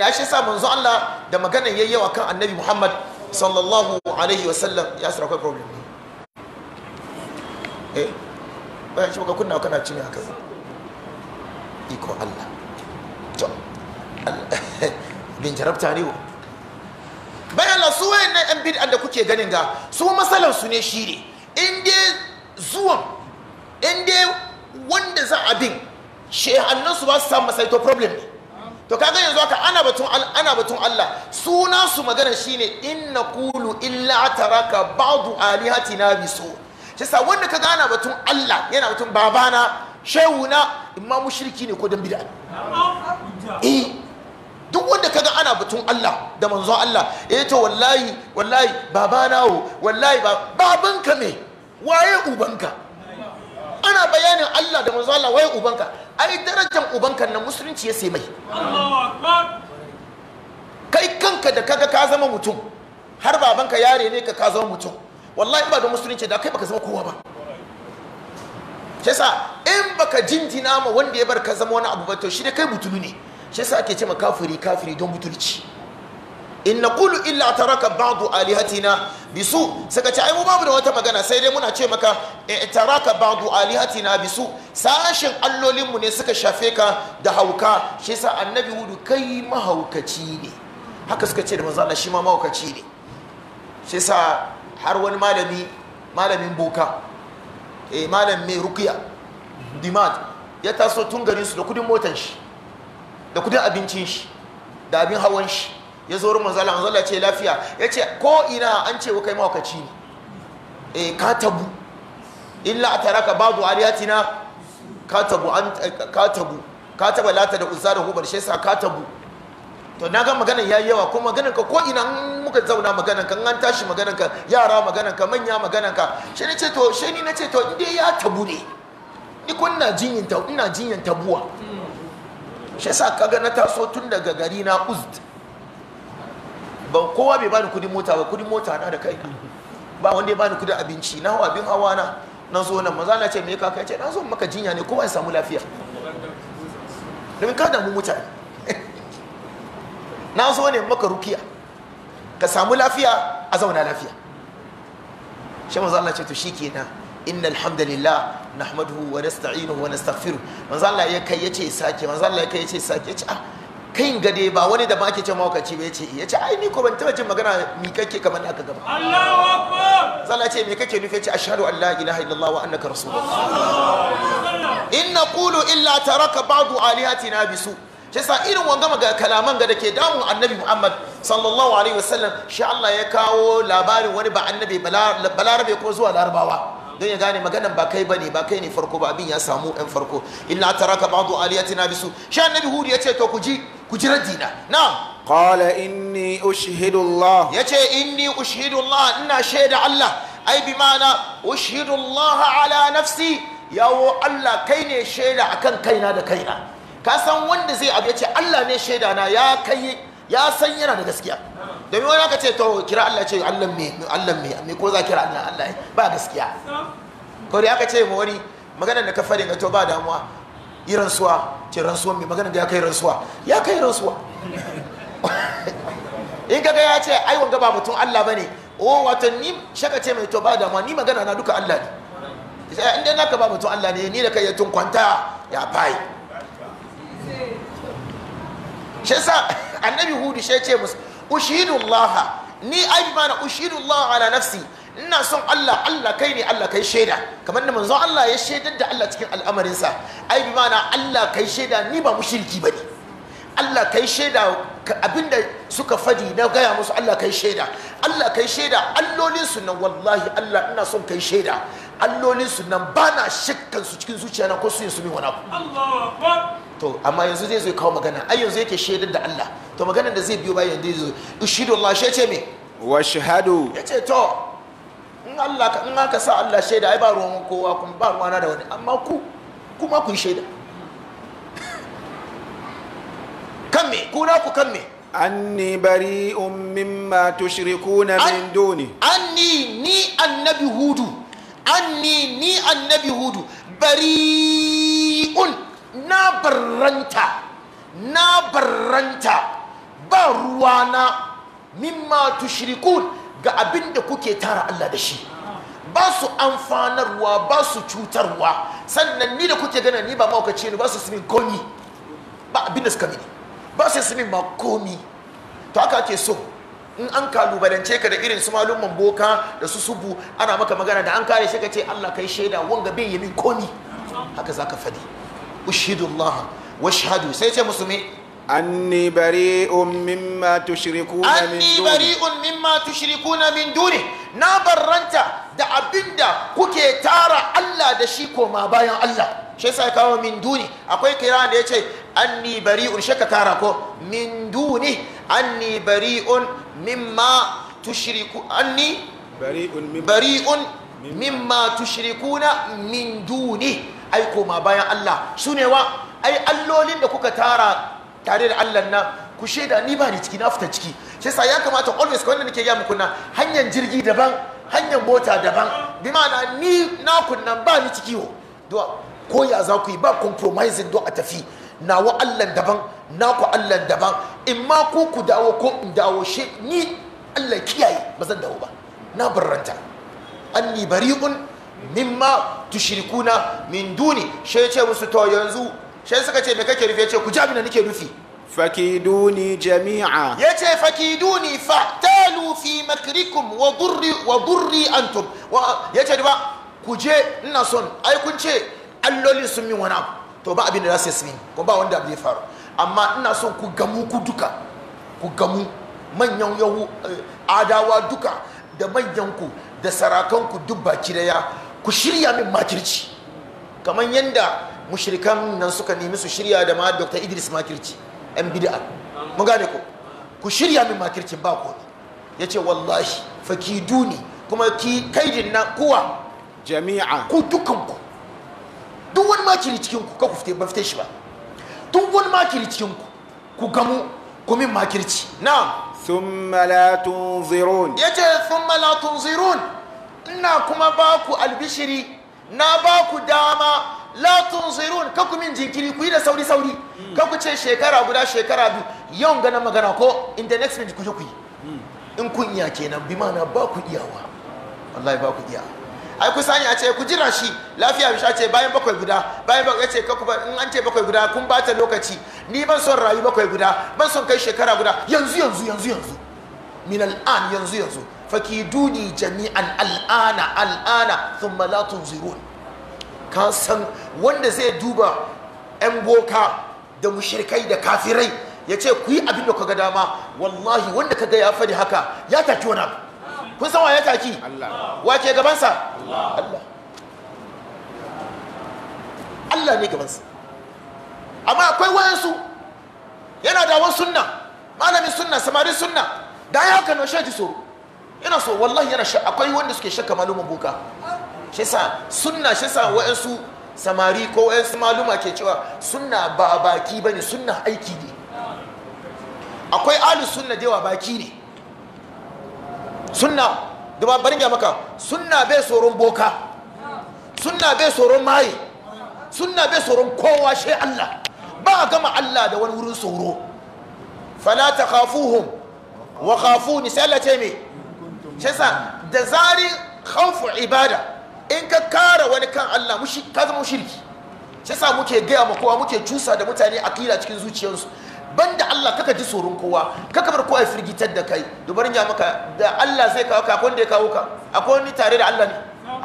Speaker 1: ya shi sa manzo Allah da maganan yayyawa kan annabi Muhammad sallallahu alaihi wasallam ya sura kai problem ne eh bayan shi kunna kana cinye haka iko Allah to bin jarabta ne wa bayan la su wayannan yan bid'a da kuke ganin ga su masalan su ne shine in dai zuwan in dai wanda za a bin shehannan su ba su samu masaito problem ne to kaga yanzu haka ana batun ana batun Allah suna su magana shine inna qulu illa taraka ba'du alihatina bisu shi sa wanda kaga ana batun Allah yana batun babana shehuna imma mushriki ne ko dan bid'a eh duk wanda kaga ana batun Allah da manzon Allah eh to wallahi wallahi babana wo wallahi babanka me waye ubanka ana bayanin Allah da manzo Allah waye ubanka ai darajar ubanka nan musulunci ya sai mai kai kanka da kaga ka zama mutum har babanka yare ne ka ka zama mutum wallahi ba da musulunci da kai baka zama kowa ba shi yasa in baka jinjina ma wanda ya barka zama wani abu ba to shi ne kai butulu ne shi ake ce ma kafiri kafiri don butulci in Kulu illa taraka ba'adu alihatina bisu saka ce ai mu babu da wata magana sai dai muna ce maka eh, taraka ba'adu alihatina bisu sashen allolinmu ne suka shafe ka da hauka shi sa annabi hudu kai mahaukaci ne haka suka ce da mazala shi ma mahaukaci ne shi sa har wani malami malamin boka eh malam mai rukiya dimad ya taso tun garin su da kudin motan shi da kudin abincin shi da abin hawan shi ya zo wurin manzala manzala ce lafiya ya ce ko ina an ce wa kai mawakaci ne e ka tabu illa a ka babu aliyatina ka tabu an ka tabu ka taba lata da uzza da hubar shesa sa ka tabu to na ga maganar yayi yawa ko maganar ka ko ina muka zauna maganar ka an tashi maganar ka yara maganar ka manya maganar ka shi ne ce to shi ne na ce to inda ya tabu ne ni kun na jinyin ta ina jinyin tabuwa
Speaker 2: hmm.
Speaker 1: shesa sa kaga na taso tun daga gari na uzd ba kowa bai bani kudin mota ba kudin mota na da kai ba wanda ya bani kudin abinci na hawa abin hawa na na zo nan maza na ce me kaka ce na zo maka jinya ne kowa ya samu lafiya domin ka damu mutane na zo ne maka rukiya ka samu lafiya a zauna lafiya shi maza Allah ce to shikenan inna alhamdulillah nahmaduhu wa nasta'inuhu wa nastaghfiruh manzo Allah ya kai yace sake manzo Allah ya kai yace sake ce ah kain gade ba wani da ba ake ce mawakaci ba ya ce ai ni ko ban taba jin magana mi kake kamar haka gaba Allahu akbar sallah ce me kake nufi ce ashhadu an la ilaha illallah wa annaka rasulullah
Speaker 2: in naqulu
Speaker 1: illa taraka ba'du alihatina bisu shi sa irin wanga maga kalaman ga dake damun annabi Muhammad sallallahu alaihi wasallam shi Allah ya kawo labarin wani ba annabi balarabe ko zuwa larabawa don ya gane maganan ba kai bane ba kai ne farko ba abin ya samu ɗan farko illa taraka ba'du aliyatina bisu shi annabi hudu ya ce to ku ji ku ji radina na'am qala inni ushhidu Allah ce inni ushhidu Allah ina shaida Allah ai bi mana ushhidu Allah ala nafsi yawo Allah kai ne shaida akan kaina da kaina ka san wanda zai abu ce Allah ne shaida na ya kai ya san yana da gaskiya domin wani aka ce to kira Allah ce Allah me Allah me ko za kira Allah Allah ba gaskiya ko dai aka ce ma wani magana da ka faɗin ga to ba damuwa yi rasuwa ce rasuwa mai magana da ya kai rasuwa ya kai rasuwa in kaga ya ce ai wanga ba mutum Allah bane o oh, wato ni shaka ce mai to ba ma ni magana na duka Allah ne eh, in dai naka ba mutum Allah ne ni da kai ya tun kwanta ya fai. shi yasa annabi hudu shi ya ce musu ushidu ni ai mana ushidu ala nafsi ina son Allah Allah kai ne Allah kai shaida kamar da manzon Allah ya shaidar da Allah cikin al'amarinsa ai bi mana Allah kai shaida ni ba mushriki bane Allah kai shaida abinda suka fadi na gaya musu Allah kai shaida Allah kai shaida allolin su nan wallahi Allah ina son kai shaida allolin su nan bana shakkan su cikin zuciya na ko su yin su wani abu to amma yanzu zai zai kawo magana ai yanzu yake shaidar da Allah to maganar da zai biyo bayan yanzu zai zo ushidu Allah shi ce me ya yace to Allah ka in aka sa Allah shaida ai ba ruwan kowa kun ba ruwana da wani amma ku kuma kun shaida kan me ku na ku kan me anni bari'un mimma tushrikuna min duni anni ni annabi hudu anni ni annabi hudu bari'un na barranta na barranta ba ruwana mimma tushrikun ga abin da kuke tara Allah da shi ba su amfanarwa ba su cutarwa sannan ni da kuke gana ni ba maukaci ne ba su su komi ba abin da suka mini ba su su min komi to haka ake so in an kalubalance ka da irin su malumman boka da su subu ana maka magana da an kare shi ka ce Allah kai shaida wanga bai yi min komi haka zaka fadi ushhidu washhadu sai ce أني بريء مما تشركون أني من بريء na تشركون من دونه نابرنتا da abinda kuke tara Allah da shi koma bayan Allah shi yasa ya kawo min duni akwai kira da ya yace anni bari'un shaka tara ko min duni anni bari'un mimma tushriku anni bari'un mimma bari'un mimma tushrikuna min duni ai koma bayan Allah sune wa ai allolin da kuka tara tare da Allah na ku shaida ni ba ni ciki na fita ciki shi sa ya kamata always wanda nake ga muku na hanyar jirgi daban hanyar mota daban bi ma'ana ni na kunnan ba ni ciki ho ko ya za ku yi ba compromising don a tafi Na wa Allah daban naku Allah daban in ma ku ku dawo ko in dawo shi ni Allah kiyaye ba zan dawo ba na barranta anni bari'un mimma tushrikuna min duni shi ya ce musu to yanzu shan suka ce me kake rufe yace ku ji abin da nake rufi fakiduni jami'a yace fakiduni fa talu fi makrikum wa durri wa durri antum yace ba ku je ina son ai kun allolin sun min wani abu to ba abin da za su ko ba wanda abin ya faru amma ina son ku gamu ku duka ku gamu manyan eh, adawa duka da manyanku da sarakanku duk baki daya ku shirya min makirci kamar yadda mushrikan nan suka nemi su shirya da ma dr idris makirci yan bid'a mun gane ko ku shirya min makircin ba komai ya ce wallahi fakiduni kuma ki kaidin na kuwa jami'a ku dukanku duk wani makiri ku ka ku fite ba fite shi ba duk wani makiri cikinku ku gamu ku min makirci na thumma la
Speaker 3: tunzirun
Speaker 1: yace thumma la tunzirun ina kuma ba ku albishiri na ba ku dama la tunzirun ka min jinkiri ku yi da sauri sauri kaku ce shekara guda shekara biyu yau gana magana ko in the next minute ku je ku yi in kun iya kenan bi mana ba ku iyawa wallahi ba ku iyawa ai ku sani a ce ku jira shi lafiya bi ce bayan bakwai guda bayan bakwai ce kaku ba in an ce bakwai guda kun bata lokaci ni ban son rayu bakwai guda ban son kai shekara guda yanzu yanzu yanzu yanzu min al'an yanzu yanzu fakiduni jami'an al'ana al'ana thumma la tunzirun ka san wanda zai duba 'yan boka da mushirkai da kafirai ya ce ku yi abin da kaga dama wallahi wanda kaga ya faɗi haka ya taki wani abu kun san wa ya taki wa ke gabansa Allah Allah ne gabansa amma akwai wayansu yana da wani sunna malamin sunna samarin sunna da ya haka no shaji tsoro yana so wallahi yana akwai wanda suke shakka malumin boka Shisa sunna shisa sa samari ko wa'ansu maluma ke cewa sunna ba baki ba ne sunna aiki ne akwai alu sunna dewa baki ne sunna da barin ya maka sunna bai tsoron boka sunna bai tsoron maye sunna bai tsoron kowa shi Allah ba a gama Allah da wani wurin tsoro fala ta khafuhum wa khafuni sai Allah ce me shi sa da zari khawfu ibada in ka kara wani kan Allah ka zama shirki sai sa muke gaya ma kowa muke cusa da mutane akida cikin zuciyarsu banda Allah kaka ji tsoron kowa kaka bar kowa ya firgitar da kai dubarin ya maka da Allah zai kawo ka akwai da ya kawo ka akwai wani tare da Allah ne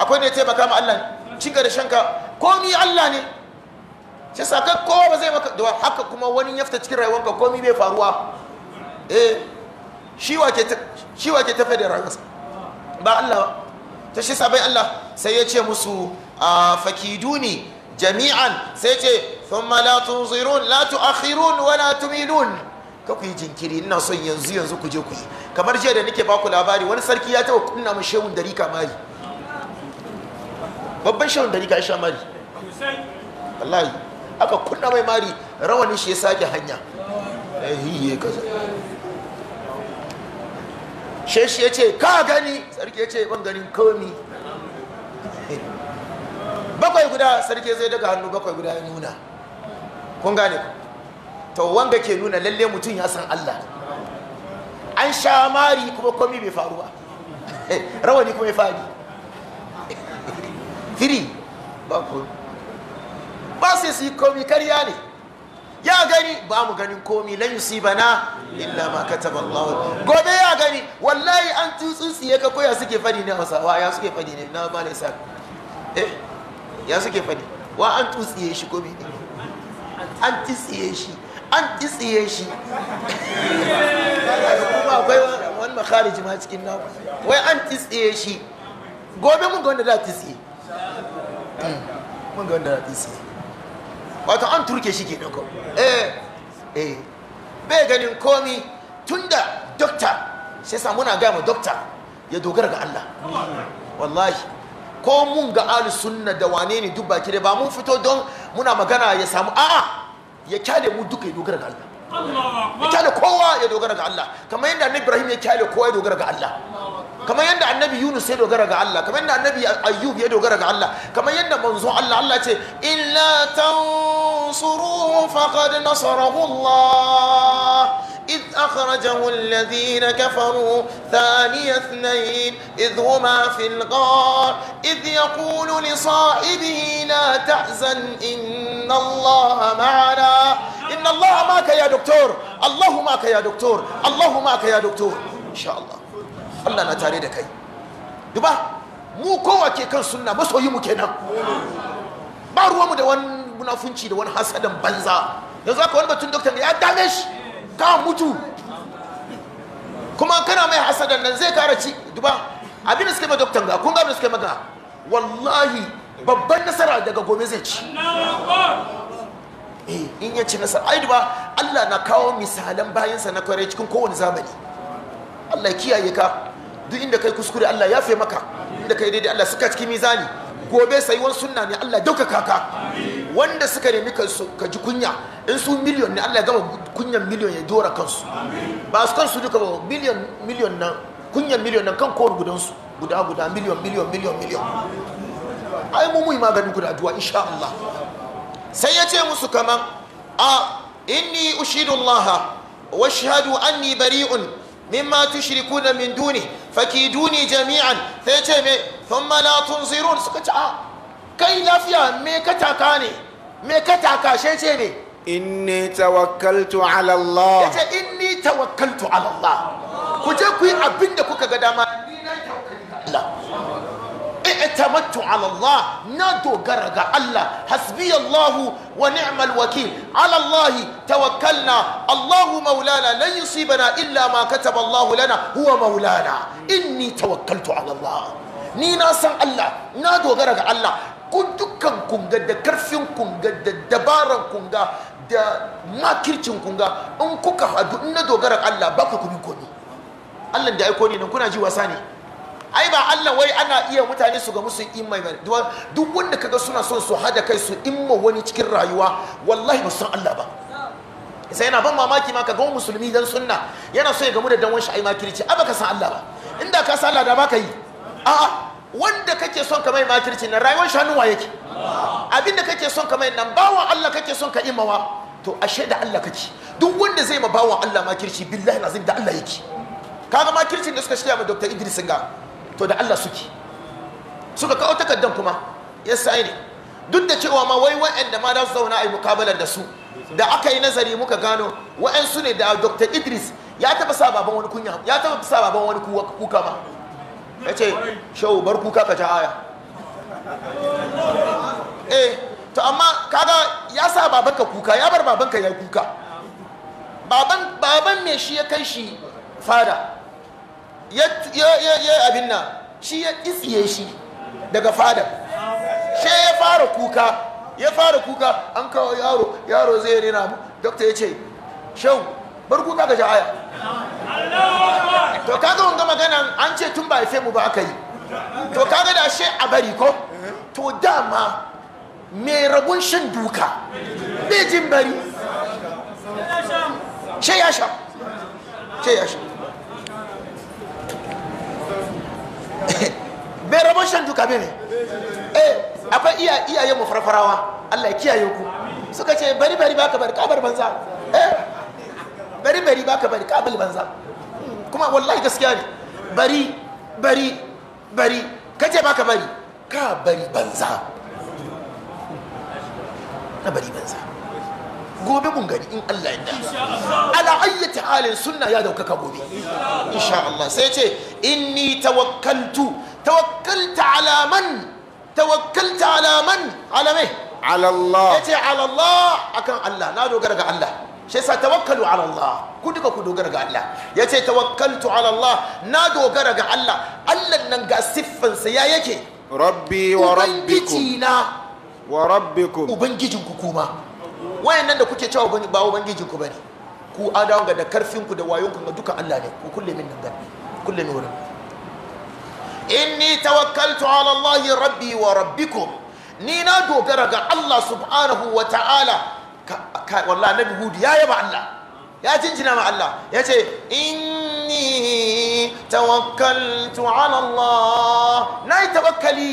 Speaker 1: akwai ne ya taimaka ma Allah ne cin da shanka komi Allah ne sai sa ka kowa ba zai maka da haka kuma wani ya fita cikin rayuwarka komi bai faruwa eh shi shi ke tafe da rayuwarsa ba Allah ba ta shi sabai bai Allah sai ya ce musu fakiduni jami'an sai ce thumma la tunzirun la tuakhirun wa la tumilun ka ku yi jinkiri ina son yanzu yanzu ku je ku yi kamar jiya da nake ku labari wani sarki ya taɓa kunna mu shehun dari kamari babban shehun dari ga sha mari wallahi aka kunna mai mari rawanin shi ya sake hanya ehiye kaza sheshi ya ce ka gani sarki ya ce ban ganin komi bakwai guda sarki zai daga hannu bakwai guda ya nuna kun gane ku to wanga ke nuna lalle mutum ya san Allah an sha mari kuma komi bai faru ba rawani kuma ya fadi three ba ku ba sai su yi komi karya ne ya gani ba mu ganin komi lan bana. illa ma kataba Allah gobe ya gani wallahi an tsintsiye ka koya suke fadi ne Hausawa ya suke fadi ne na malai sa eh ya suke fadi wa an tutsiye shi gobe ne an tutsiye shi an tutsiye shi kuma akwai wani makhariji ma cikin na wai an tutsiye shi gobe mun ga wanda da tutsiye hmm, mun ga wanda da tutsiye wato an turke shi ke ɗauko eh eh bai ganin komi tunda dokta sai sa muna gaya dokta ya dogara ga Allah wallahi ko mun ga ahli sunna da wane ne duk baki ba mun fito don muna magana ya samu a'a ya kyale mu duka ya dogara ga
Speaker 2: Allah ya
Speaker 1: kyale kowa ya dogara ga Allah kamar yadda Ibrahim ya kyale kowa ya dogara ga Allah kamar yadda annabi yunus ya dogara ga allah kamar yadda annabi ayyub ya dogara ga allah kamar yadda manzon allah allah ce illa tansuruhu faqad nasarahu allah إذ أخرجه الذين كفروا ثاني اثنين إذ هما في الغار إذ يقول لصاحبه لا تحزن إن الله معنا إن الله معك يا دكتور الله معك يا دكتور الله معك يا دكتور إن شاء الله Allah na tare da kai duba mu kowa ke kan sunna masoyi mu kenan ba ruwa mu da wani munafunci da wani hasadan banza yanzu aka wani batun doktor ya dame shi ka mutu kuma kana mai hasadan nan zai kara ci duba abin da suka mai doktor ga kun ga abin da suka mai wallahi babban nasara daga gobe zai ci eh, in ya ci nasara ai duba Allah na kawo misalan bayansa na kwarai cikin kowane zamani Allah kiyaye ka duk inda kai kuskure Allah ya fi maka inda kai daidai Allah suka cikin mizani gobe sayuwar sunna ne Allah dauka ka wanda suka nemi kansu ka ji kunya in su miliyon ne Allah ya gama kunyan miliyon ya dora kansu ba su kansu duka ba miliyon miliyon nan kunyan miliyon nan kan kowar gudansu guda guda miliyon miliyon miliyon miliyon ai mu muyi maganin guda duwa insha Allah sai ya ce musu kaman a inni ushidullaha, Allah wa shahadu anni bari'un mimma tushrikuna min duni fakiduni jami'an sai ce me thumma la tunzirun suka ce a kai lafiya me ka taka ne me ka taka she ce ne inni tawakkaltu ala Allah yace inni tawakkaltu ala Allah ku je ku yi abin da kuka ga dama ni na Allah i'tamattu ala Allah na dogara ga Allah hasbi wa ni'mal wakil ala Allah tawakkalna allahu maulana lan yusibana illa ma kataba allahu lana huwa maulana inni tawakkaltu ala Allah ni na san Allah na dogara ga Allah ku dukkan kunga da karfin kunga da dabaran kunga da makircin kunga in kuka hadu in na dogara Allah baka kuma komi Allah da aiko ne nan kuna ji wasa ne ai ba Allah wai ana iya mutane su ga musu imma ba duk wanda kaga suna son su hada kai su imma wani cikin rayuwa wallahi ba san Allah ba sai yana ban mamaki ma kaga musulmi dan sunna yana so ya gamu da danwan shi ai makirci a baka san Allah ba inda ka san Allah da baka yi a'a wanda kake son ka mai makirci na rayuwar shi hannuwa yake abinda kake son ka mai nan bawan Allah kake son ka imawa to ashe da Allah kake duk wanda zai ma bawan Allah makirci billahi lazim da Allah yake kaga makircin da suka shirya ma Dr. Idris Singa to da Allah suke suka kawo takardan kuma ya sai ne duk da cewa ma wai wa'anda ma za su zauna a yi mukabalar da su da aka yi nazari muka gano wa'ansu ne da dr idris ya taba sa baban wani kunya ya taba sa baban wani kuka ma ya ce shawo bar kuka ka ja aya eh to amma kaga ya sa babanka kuka ya bar babanka ya kuka baban baban me shi ya kai shi fada ya abin nan shi ya itsiye shi daga fada she ya fara kuka ya fara kuka an kawo yaro yaro zai rena mu dokta ya ce shau bar kuka ga ja'aya to kaga wanga magana an ce tun ba ife mu ba aka yi to kaga da she a bari ko to dama mai rabun shan duka bai jin bari she ya sha she ya sha bai rabon shan duka bai ne eh akwai iya iyaye mu farfarawa Allah ya kiyaye ku suka ce bari bari baka bari kabar banza eh bari bari baka bari kabar banza hmm, kuma wallahi gaskiya ne bari bari bari kace baka bari ka bari banza ka bari banza gobe mun gani in Allah ya yarda ala ayyati halin sunna ya daukaka gobe insha Allah sai ce inni tawakkaltu tawakkalta ala man tawakkalta ala man ala me ala Allah yace ala Allah akan Allah na dogara ga Allah shi yasa tawakkalu ala Allah ku duka ku dogara ga Allah yace tawakkaltu ala Allah na dogara ga Allah Allah nan ga siffansa ya yake rabbi wa rabbikum wa rabbikum ubangijinku kuma Wayan nan da kuke cewa ba ubangijin ku bane ku adawan ga da karfin ku da wayon ku ga duka Allah ne ku kulle min nan gabe kulle min wurin inni tawakkaltu ala Allah rabbi wa rabbikum ni na dogara ga Allah subhanahu wa ta'ala wallahi nabi hudu ya yaba Allah ya jinjina ma Allah ya ce inni tawakkaltu ala Allah na yi tawakkali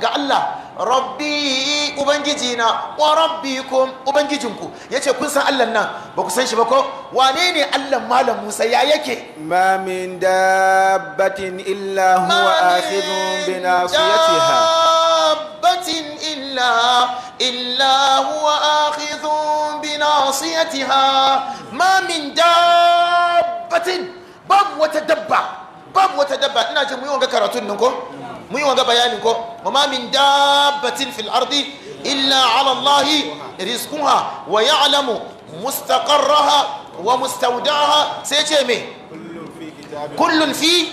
Speaker 1: ga Allah rabbi ubangiji na wa ubangijin ubangijinku yace kun san Allah nan ba ku san shi ba ko wane ne Allah malam Musa ya yake ma min dabbatin illa huwa akhidun bi nasiyatiha dabbatin illa illa huwa akhidun bi nasiyatiha ma min dabbatin babu wata dabba babu wata dabba ina jin mu yi wanga karatun nan ko mun yi wanga bayanin ko wa ma min dabbatin fil ardi illa ala allah rizquha wa ya'lamu mustaqarraha wa mustawda'aha sai ce me kullun fi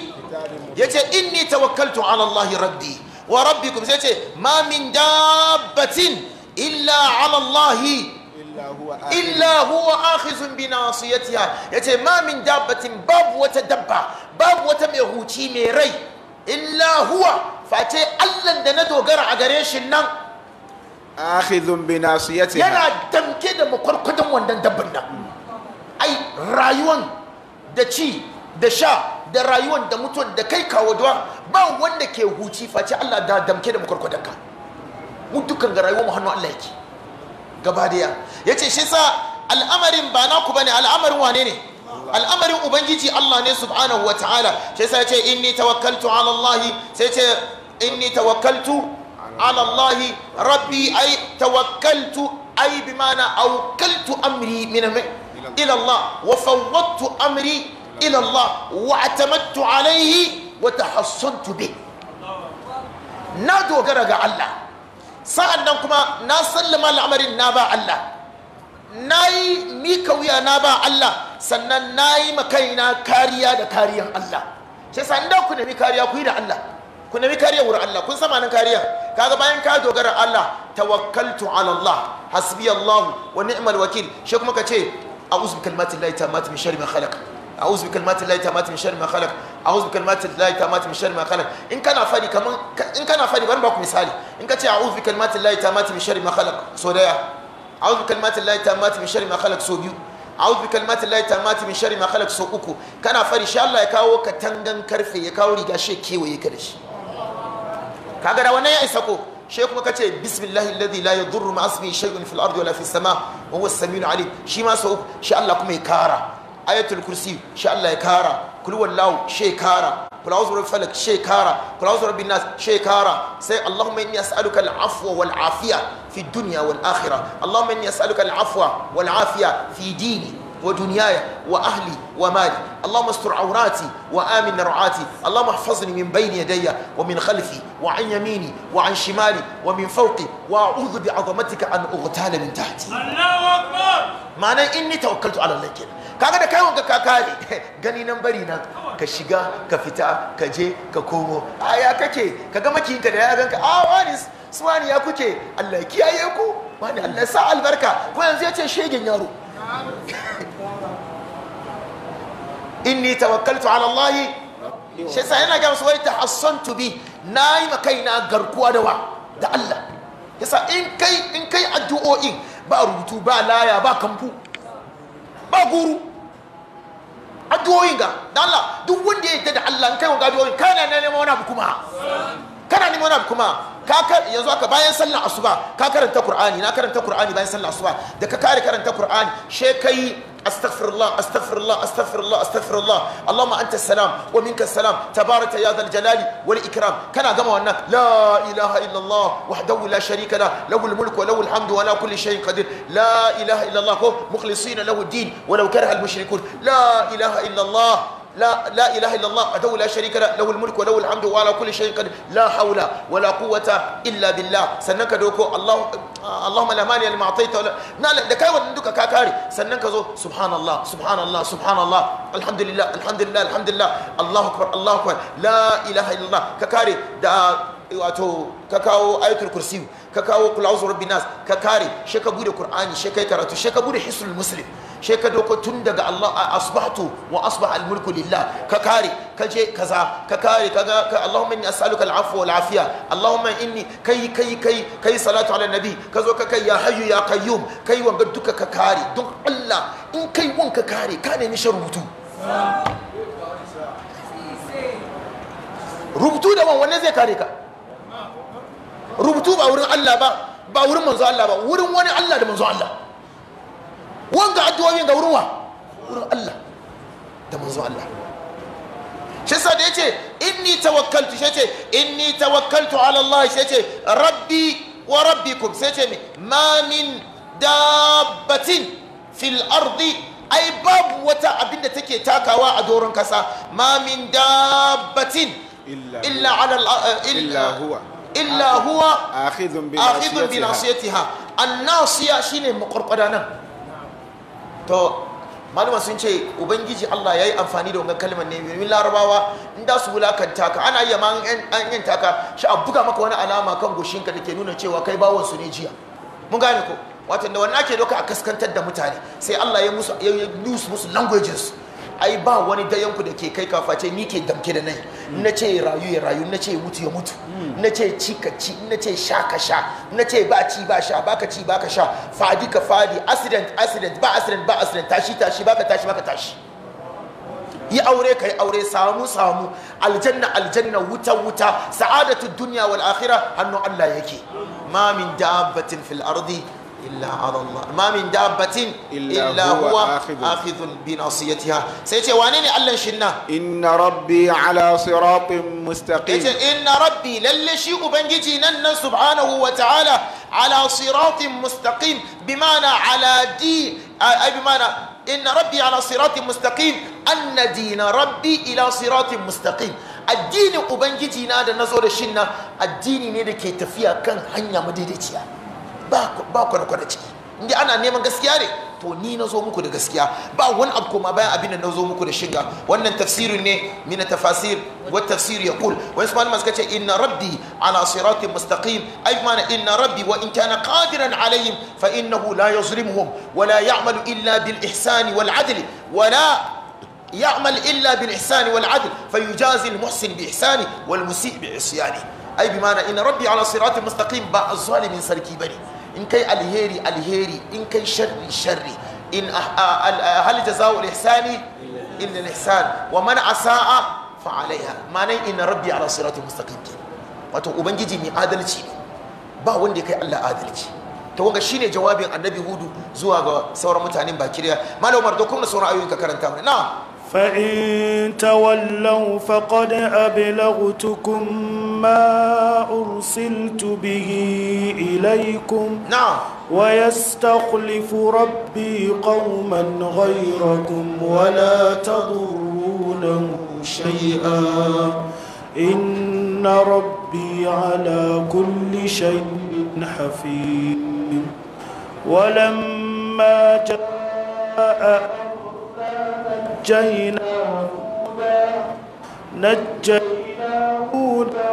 Speaker 1: yace inni tawakkaltu ala allah rabbi wa rabbikum sai ce ma min dabbatin illa ala allah illa huwa akhizun bi nasiyatiha yace ma min dabbatin babu wata dabba babu wata mai huci mai rai illa huwa face allan da na dogara a gare shi nan akhidhun bi nasiyatiha yana damke da makwarkwadon wannan dabban nan ai rayuwan da ci da sha da rayuwan da mutuwan da kai kawo duwa ba wanda ke huci face Allah da damke da makwarkwadon ka mu dukkan ga rayuwar mu hannu Allah yake gaba daya ce shi sa al'amarin ba naku bane al'amarin wane ne al'amarin ubangiji Allah ne subhanahu wa ta'ala sai sai ce inni tawakkaltu ala Allah sai ce inni tawakkaltu ala Allah rabbi ai tawakkaltu ay bimana awkaltu amri min ila Allah wa fawwadtu amri ila Allah wa atamattu alayhi wa tahassantu bi na dogara ga Allah sa'an nan kuma na sallama al'amarin na ba Allah na yi mika wuya na ba Allah sannan na yi makaina kariya da kariyan Allah shi yasa inda ku nemi kariya ku yi da Allah ku nemi kariya wurin Allah kun sama nan kariya kaga bayan ka dogara Allah tawakkaltu ala Allah hasbi Allah wa ni'mal wakil shi kuma kace ce a'udhu bi kalimati llahi tammati min sharri ma khalaq a'udhu bi kalimati llahi tammati min sharri ma khalaq a'udhu bi kalimati llahi tammati min sharri ma khalaq in kana fadi kaman in kana fadi bari ba ku misali in kace ce a'udhu bi kalimati llahi tammati min sharri ma khalaq so daya a'udhu bi kalimati llahi tammati min sharri ma khalaq so biyu a'udhu bi kalimati llahi tammati min sharri ma khalaq sau uku kana fari sha Allah ya kawo ka tangan karfe ya kawo riga she kewaye ka da shi kaga da wannan ya isa ko she kuma kace bismillahi alladhi la yadurru ma ismihi shay'un fil ardi wala fis sama wa huwa samiul 'alim shi ma sau uku sha Allah kuma ya kara ayatul kursi sha Allah ya kara kul wallahu she kara قل اعوذ برب الفلك شيكارا قل اعوذ برب الناس شيكارا سي اللهم اني اسالك العفو والعافيه في الدنيا والاخره اللهم اني اسالك العفو والعافيه في ديني ودنياي واهلي ومالي اللهم استر عوراتي وامن رعاتي اللهم احفظني من بين يدي ومن خلفي وعن يميني وعن شمالي ومن فوقي واعوذ بعظمتك ان اغتال من تحتي
Speaker 2: الله اكبر
Speaker 1: معنى اني توكلت على الله كده kaga da wanka ka kare. gani nan bari nan ka shiga ka fita ka je ka komo a ya kake ka ga makiyinka da ya ganka a wani suwani ya kuke Allah kiyaye ku wani Allah sa albarka ko yanzu ya ce shegen yaro inni tawakkaltu ala Allah shi sa yana ga wai tu bi nayi ma kaina garkuwa da wa da Allah yasa in kai in kai addu'o'in ba rubutu ba laya ba kamfu ba guru addu'o'in ga da Allah duk wanda ya yarda da Allah kai wa addu'o'in kana na neman wani abu kuma kana neman wani abu kuma ka yanzu aka bayan sallar asuba ka karanta Qur'ani na karanta Qur'ani bayan sallar asuba da ka kare karanta Qur'ani shekai. أستغفر الله أستغفر الله أستغفر الله أستغفر الله اللهم أنت السلام ومنك السلام تبارك يا ذا الجلال والإكرام كان قام هناك لا إله إلا الله وحده لا شريك له له الملك وله الحمد ولا كل شيء قدير لا إله إلا الله مخلصين له الدين ولو كره المشركون لا إله إلا الله لا لا إله إلا الله وحده لا شريك له له الملك وله الحمد وعلى كل شيء قدير لا حول ولا قوة إلا بالله سنك دوكو الله اللهم لا مانع لما أعطيت ولا نال دكاي ودندك كاكاري سنك زو سبحان الله سبحان الله سبحان الله الحمد لله الحمد لله الحمد لله الله أكبر الله أكبر لا إله إلا الله كاكاري دا wato ka kawo ayatul kursi ka kawo kulawus rabbi nas ka kare shi ka bude qur'ani shi kai karatu shi ka bude hisul muslim shi ka doko tun daga Allah asbahtu wa asbaha almulku lillah ka kare ka je kaza ka kare kaga ka Allahumma inni as'aluka al'afwa wal afiya Allahumma inni kai kai kai kai salatu ala nabi ka zo ka kai ya hayyu ya qayyum kai wanga duka ka kare don Allah in kai wanka kare ka nemi sharubutu rubutu da wannan zai kare ka rubutu ba wurin Allah ba ba wurin manzo Allah ba wurin wani Allah da manzo Allah wanga addu'o'in ga wurin wa wurin Allah da manzo Allah shi sa da yace inni tawakkaltu shi yace inni tawakkaltu ala Allah shi yace rabbi wa rabbikum sai yace ma min dabbatin fil ardi ai babu wata abinda take takawa a doron kasa ma min dabbatin illa ala illa huwa
Speaker 3: illa huwa
Speaker 1: akhidhun bi nasiyatiha an-nasiya shine makwarbada nan to malama sun ce ubangiji Allah ya yi amfani da wannan kalmar ne larabawa in da su wulakanta ka ana iya ma an yin taka shi a buga maka wani alama kan goshinka da ke nuna cewa kai bawon su ne jiya mun gane ko wato da wannan ake doka a kaskantar da mutane sai Allah ya musu ya musu languages ai ba wani dayanku da ke kai kaface ni ke damke da nai na ce rayu ya rayu na ce mutu ya mutu na ce ci ka ci na ce sha ka sha na ce ba ci ba sha ba ka ci ba ka sha fadi ka fadi accident accident ba accident ba accident tashi tashi ba ka tashi ba ka tashi yi aure ka yi aure samu samu aljanna aljanna wuta wuta sa'adatu dunya wal akhirah hannu Allah yake ma min dabbatin fil ardi illa ala Allah ma min dabbatin illa huwa akhidhun bi nasiyatiha sai ce wane ne Allah shinna inna rabbi ala siratin mustaqim yace inna rabbi lalle shi ubangiji nan nan subhanahu wa ta'ala ala siratin mustaqim bimana ala di ay bimana inna rabbi ala siratin mustaqim rabbi ila siratin mustaqim addinin ubangiji na da nazo da shinna addini ne da ke tafiya kan hanya madaidaiciya ba kwana-kwana ciki inda ana neman gaskiya ne to ni na zo muku da gaskiya ba wani abu koma bayan abin da na zo muku da shiga wannan tafsirin ne mina tafasir wa tafsir ya kul wani sumanin masu kace inna rabbi ala siratin mustaqim ai mana inna rabbi wa in kana qadiran alayhim fa innahu la yuzlimuhum wa la ya'malu illa bil ihsani wal adli wa la يعمل إلا بالإحسان wal فيجازي bi isyani والمسيء بعصيانه أي بمعنى إن ربي على صراط مستقيم با الظالم سلكي بني in kai alheri alheri in kai sharri sharri in ah, ah, ah, hal jazaa'ul ihsani illa al-ihsan wa man asaa fa alaiha manan inna rabbi ala siratin mustaqim wato ubangiji mai adalci ne ba wanda ya kai Allah adalci ta waga shine jawabin annabi hudu zuwa ga sauran mutanen bakiriya
Speaker 3: malamar da kuma sauran ayoyin ka karanta mana na'am فإن تولوا فقد أبلغتكم ما أرسلت به إليكم نعم ويستخلف ربي قوما غيركم ولا تضرونه شيئا إن ربي على كل شيء حفيظ ولما جاء نجيناه هودا هودا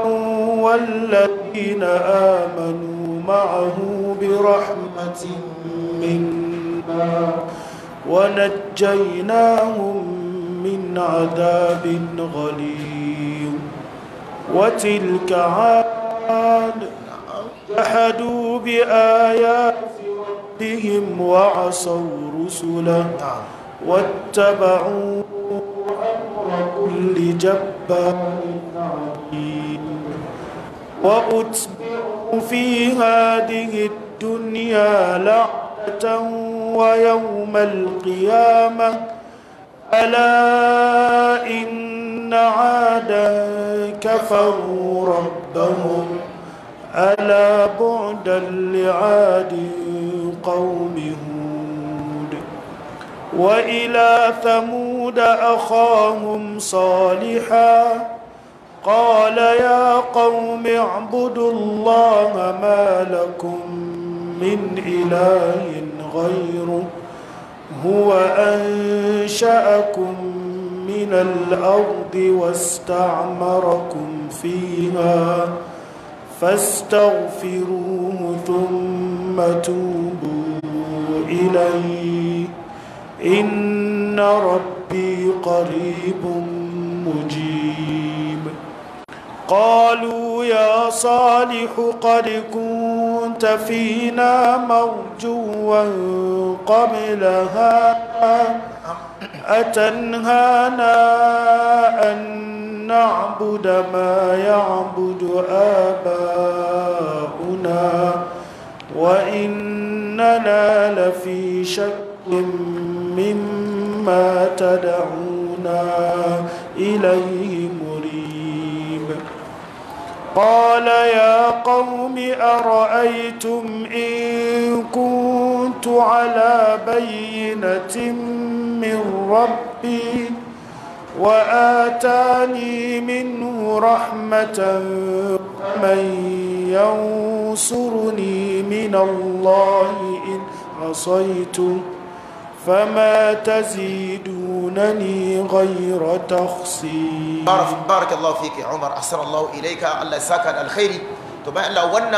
Speaker 3: والذين آمنوا معه برحمة منا ونجيناهم من عذاب غليظ وتلك عاد جحدوا بآيات ربهم وعصوا رسله نعم. واتبعوا أمر كل جبار عنيد وأتبعوا في هذه الدنيا لعنة ويوم القيامة ألا إن عادا كفروا ربهم ألا بعدا لعاد قومهم وإلى ثمود أخاهم صالحا قال يا قوم اعبدوا الله ما لكم من إله غيره هو أنشأكم من الأرض واستعمركم فيها فاستغفروه ثم توبوا إليه إن ربي قريب مجيب قالوا يا صالح قد كنت فينا مرجوا قبلها أتنهانا أن نعبد ما يعبد آباؤنا وإننا لفي شك مما تدعونا إليه مريب قال يا قوم أرأيتم إن كنت على بينة من ربي وآتاني منه رحمة من ينصرني من الله إن عصيته فما تزيدونني غير تخسير بارك الله
Speaker 1: فيك عمر أحسن الله إليك الله يساك الخير تبع الله ونن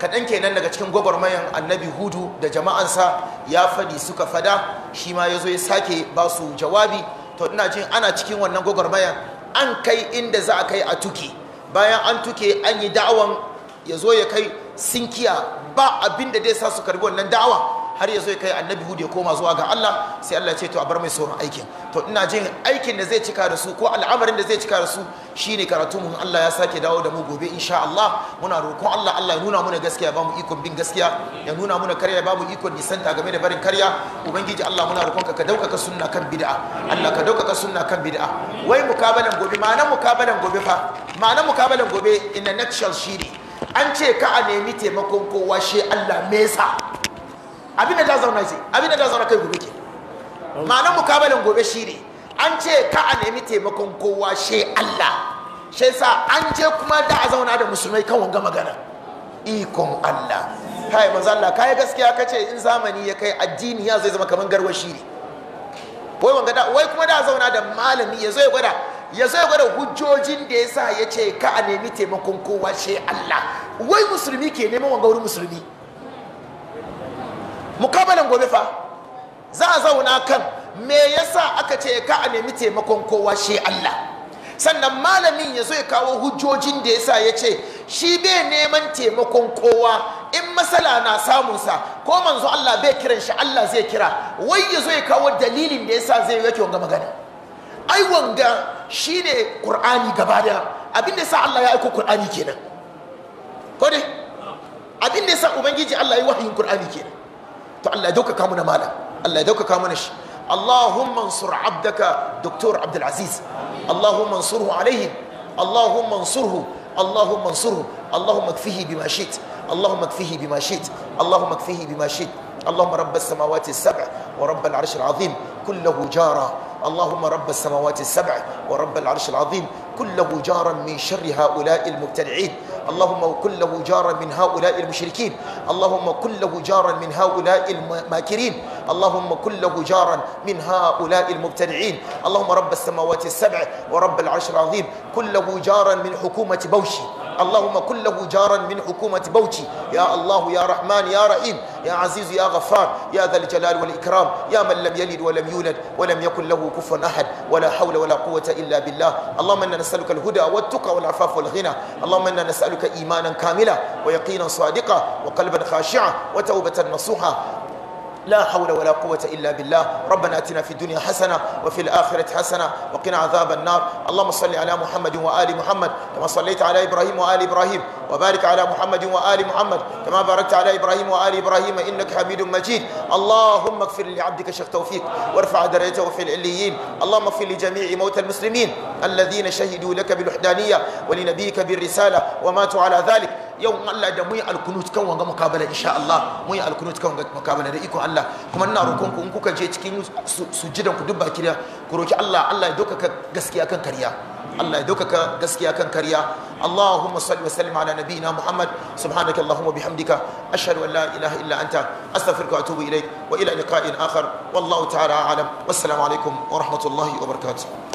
Speaker 1: kaɗan kenan daga cikin gwagwarmayan annabi hudu da jama'ansa ya faɗi suka fada shi ma ya zo ya sake ba su jawabi to ina jin ana cikin wannan gwagwarmayan an kai inda za a kai a tuki bayan an tuke an yi da'awan ya zo ya kai sinkiya ba abin da zai sa su karbi wannan da'awa har ya zo ya kai annabi hudu ya koma zuwa ga Allah sai Allah ce to a bar mai sauran aikin to ina jin aikin da zai cika da su ko al'amarin da zai cika da su shine karatu mun Allah ya sake dawo da mu gobe insha Allah muna roƙon Allah Allah ya nuna muna gaskiya ba mu ikon bin gaskiya ya nuna muna karya ba mu ikon nisanta game da barin karya ubangiji Allah muna roƙon ka daukaka sunna kan bid'a Allah ka daukaka sunna kan bid'a wai mukabalan gobe ma'anar mukabalan gobe fa ma'anar mukabalan gobe in the next shine an ce ka a nemi taimakon kowa shi Allah mesa abin da ta zauna ce abin da ta zauna kai gobe ke ma'anar mukabalin gobe shi ne an ce ka a nemi taimakon kowa she Allah shi sa an je kuma da a zauna da musulmai kan wanga magana ikon Allah kai manzo Allah kai gaskiya kace in zamani ya kai addini ya zai zama kaman garwa shi ne wai wanga da wai kuma da zauna da malami ya zo ya gwada ya zo ya gwada hujjojin da ya sa ya ce ka a nemi taimakon kowa she Allah wai musulmi ke neman wanga wurin musulmi mukabalan gobe fa za a zauna kan me yasa aka ce ka a nemi taimakon kowa shi Allah sannan malamin ya zo ya kawo hujjojin da yasa ya ce shi bai neman taimakon kowa in matsala na samunsa ko manzo Allah bai kiran shi Allah zai kira wai ya zo ya kawo dalilin da yasa zai yake wanga magana ai wanga shine Qur'ani gaba da abin da yasa Allah ya aiko Qur'ani kenan ko ne abin da yasa ubangiji Allah ya wahayin Qur'ani kenan تو الله دوكا كامونا مالا الله دوكا كامونش اللهم انصر عبدك دكتور عبد العزيز اللهم انصره عليهم اللهم انصره اللهم انصره اللهم اكفيه بما شئت اللهم اكفيه بما شئت اللهم اكفيه بما شئت اللهم رب السماوات السبع ورب العرش العظيم كله جارا اللهم رب السماوات السبع ورب العرش العظيم كله جارا من شر هؤلاء المبتدعين اللهم وكن له جارا من هؤلاء المشركين اللهم كن له جارا من هؤلاء الماكرين اللهم كن له جارا من هؤلاء المبتدعين اللهم رب السماوات السبع ورب العرش العظيم كن له جارا من حكومة بوشي اللهم كن له جارا من حكومة بوتي يا الله يا رحمن يا رحيم يا عزيز يا غفار يا ذا الجلال والإكرام يا من لم يلد ولم يولد ولم يكن له كفوا أحد ولا حول ولا قوة إلا بالله اللهم إنا نسألك الهدى والتقى والعفاف والغنى اللهم إنا نسألك إيمانا كاملا ويقينا صادقا وقلبا خاشعا وتوبة نصوحا لا حول ولا قوة إلا بالله ربنا أتنا في الدنيا حسنة وفي الآخرة حسنة وقنا عذاب النار اللهم صل على محمد وآل محمد كما صليت على إبراهيم وآل إبراهيم وبارك على محمد وآل محمد كما باركت على إبراهيم وآل إبراهيم إنك حميد مجيد اللهم اغفر لعبدك شيخ توفيق وارفع درجته في العليين اللهم اغفر لجميع موتى المسلمين الذين شهدوا لك بالوحدانية ولنبيك بالرسالة وماتوا على ذلك yau in Allah da mun yi alkunut kan wanga mukabala insha Allah mun yi alkunut kan wanga mukabala da ikon Allah kuma ina roƙon ku in kuka je cikin sujudan ku duk baki da ku roki Allah Allah ya dokaka gaskiya kan kariya Allah ya dokaka gaskiya kan kariya Allahumma salli wa sallim ala nabiyyina Muhammad subhanaka Allahumma bihamdika ashhadu an la ilaha illa anta astaghfiruka wa atubu ilaik wa ila liqa'in akhar wallahu ta'ala alam wassalamu alaikum wa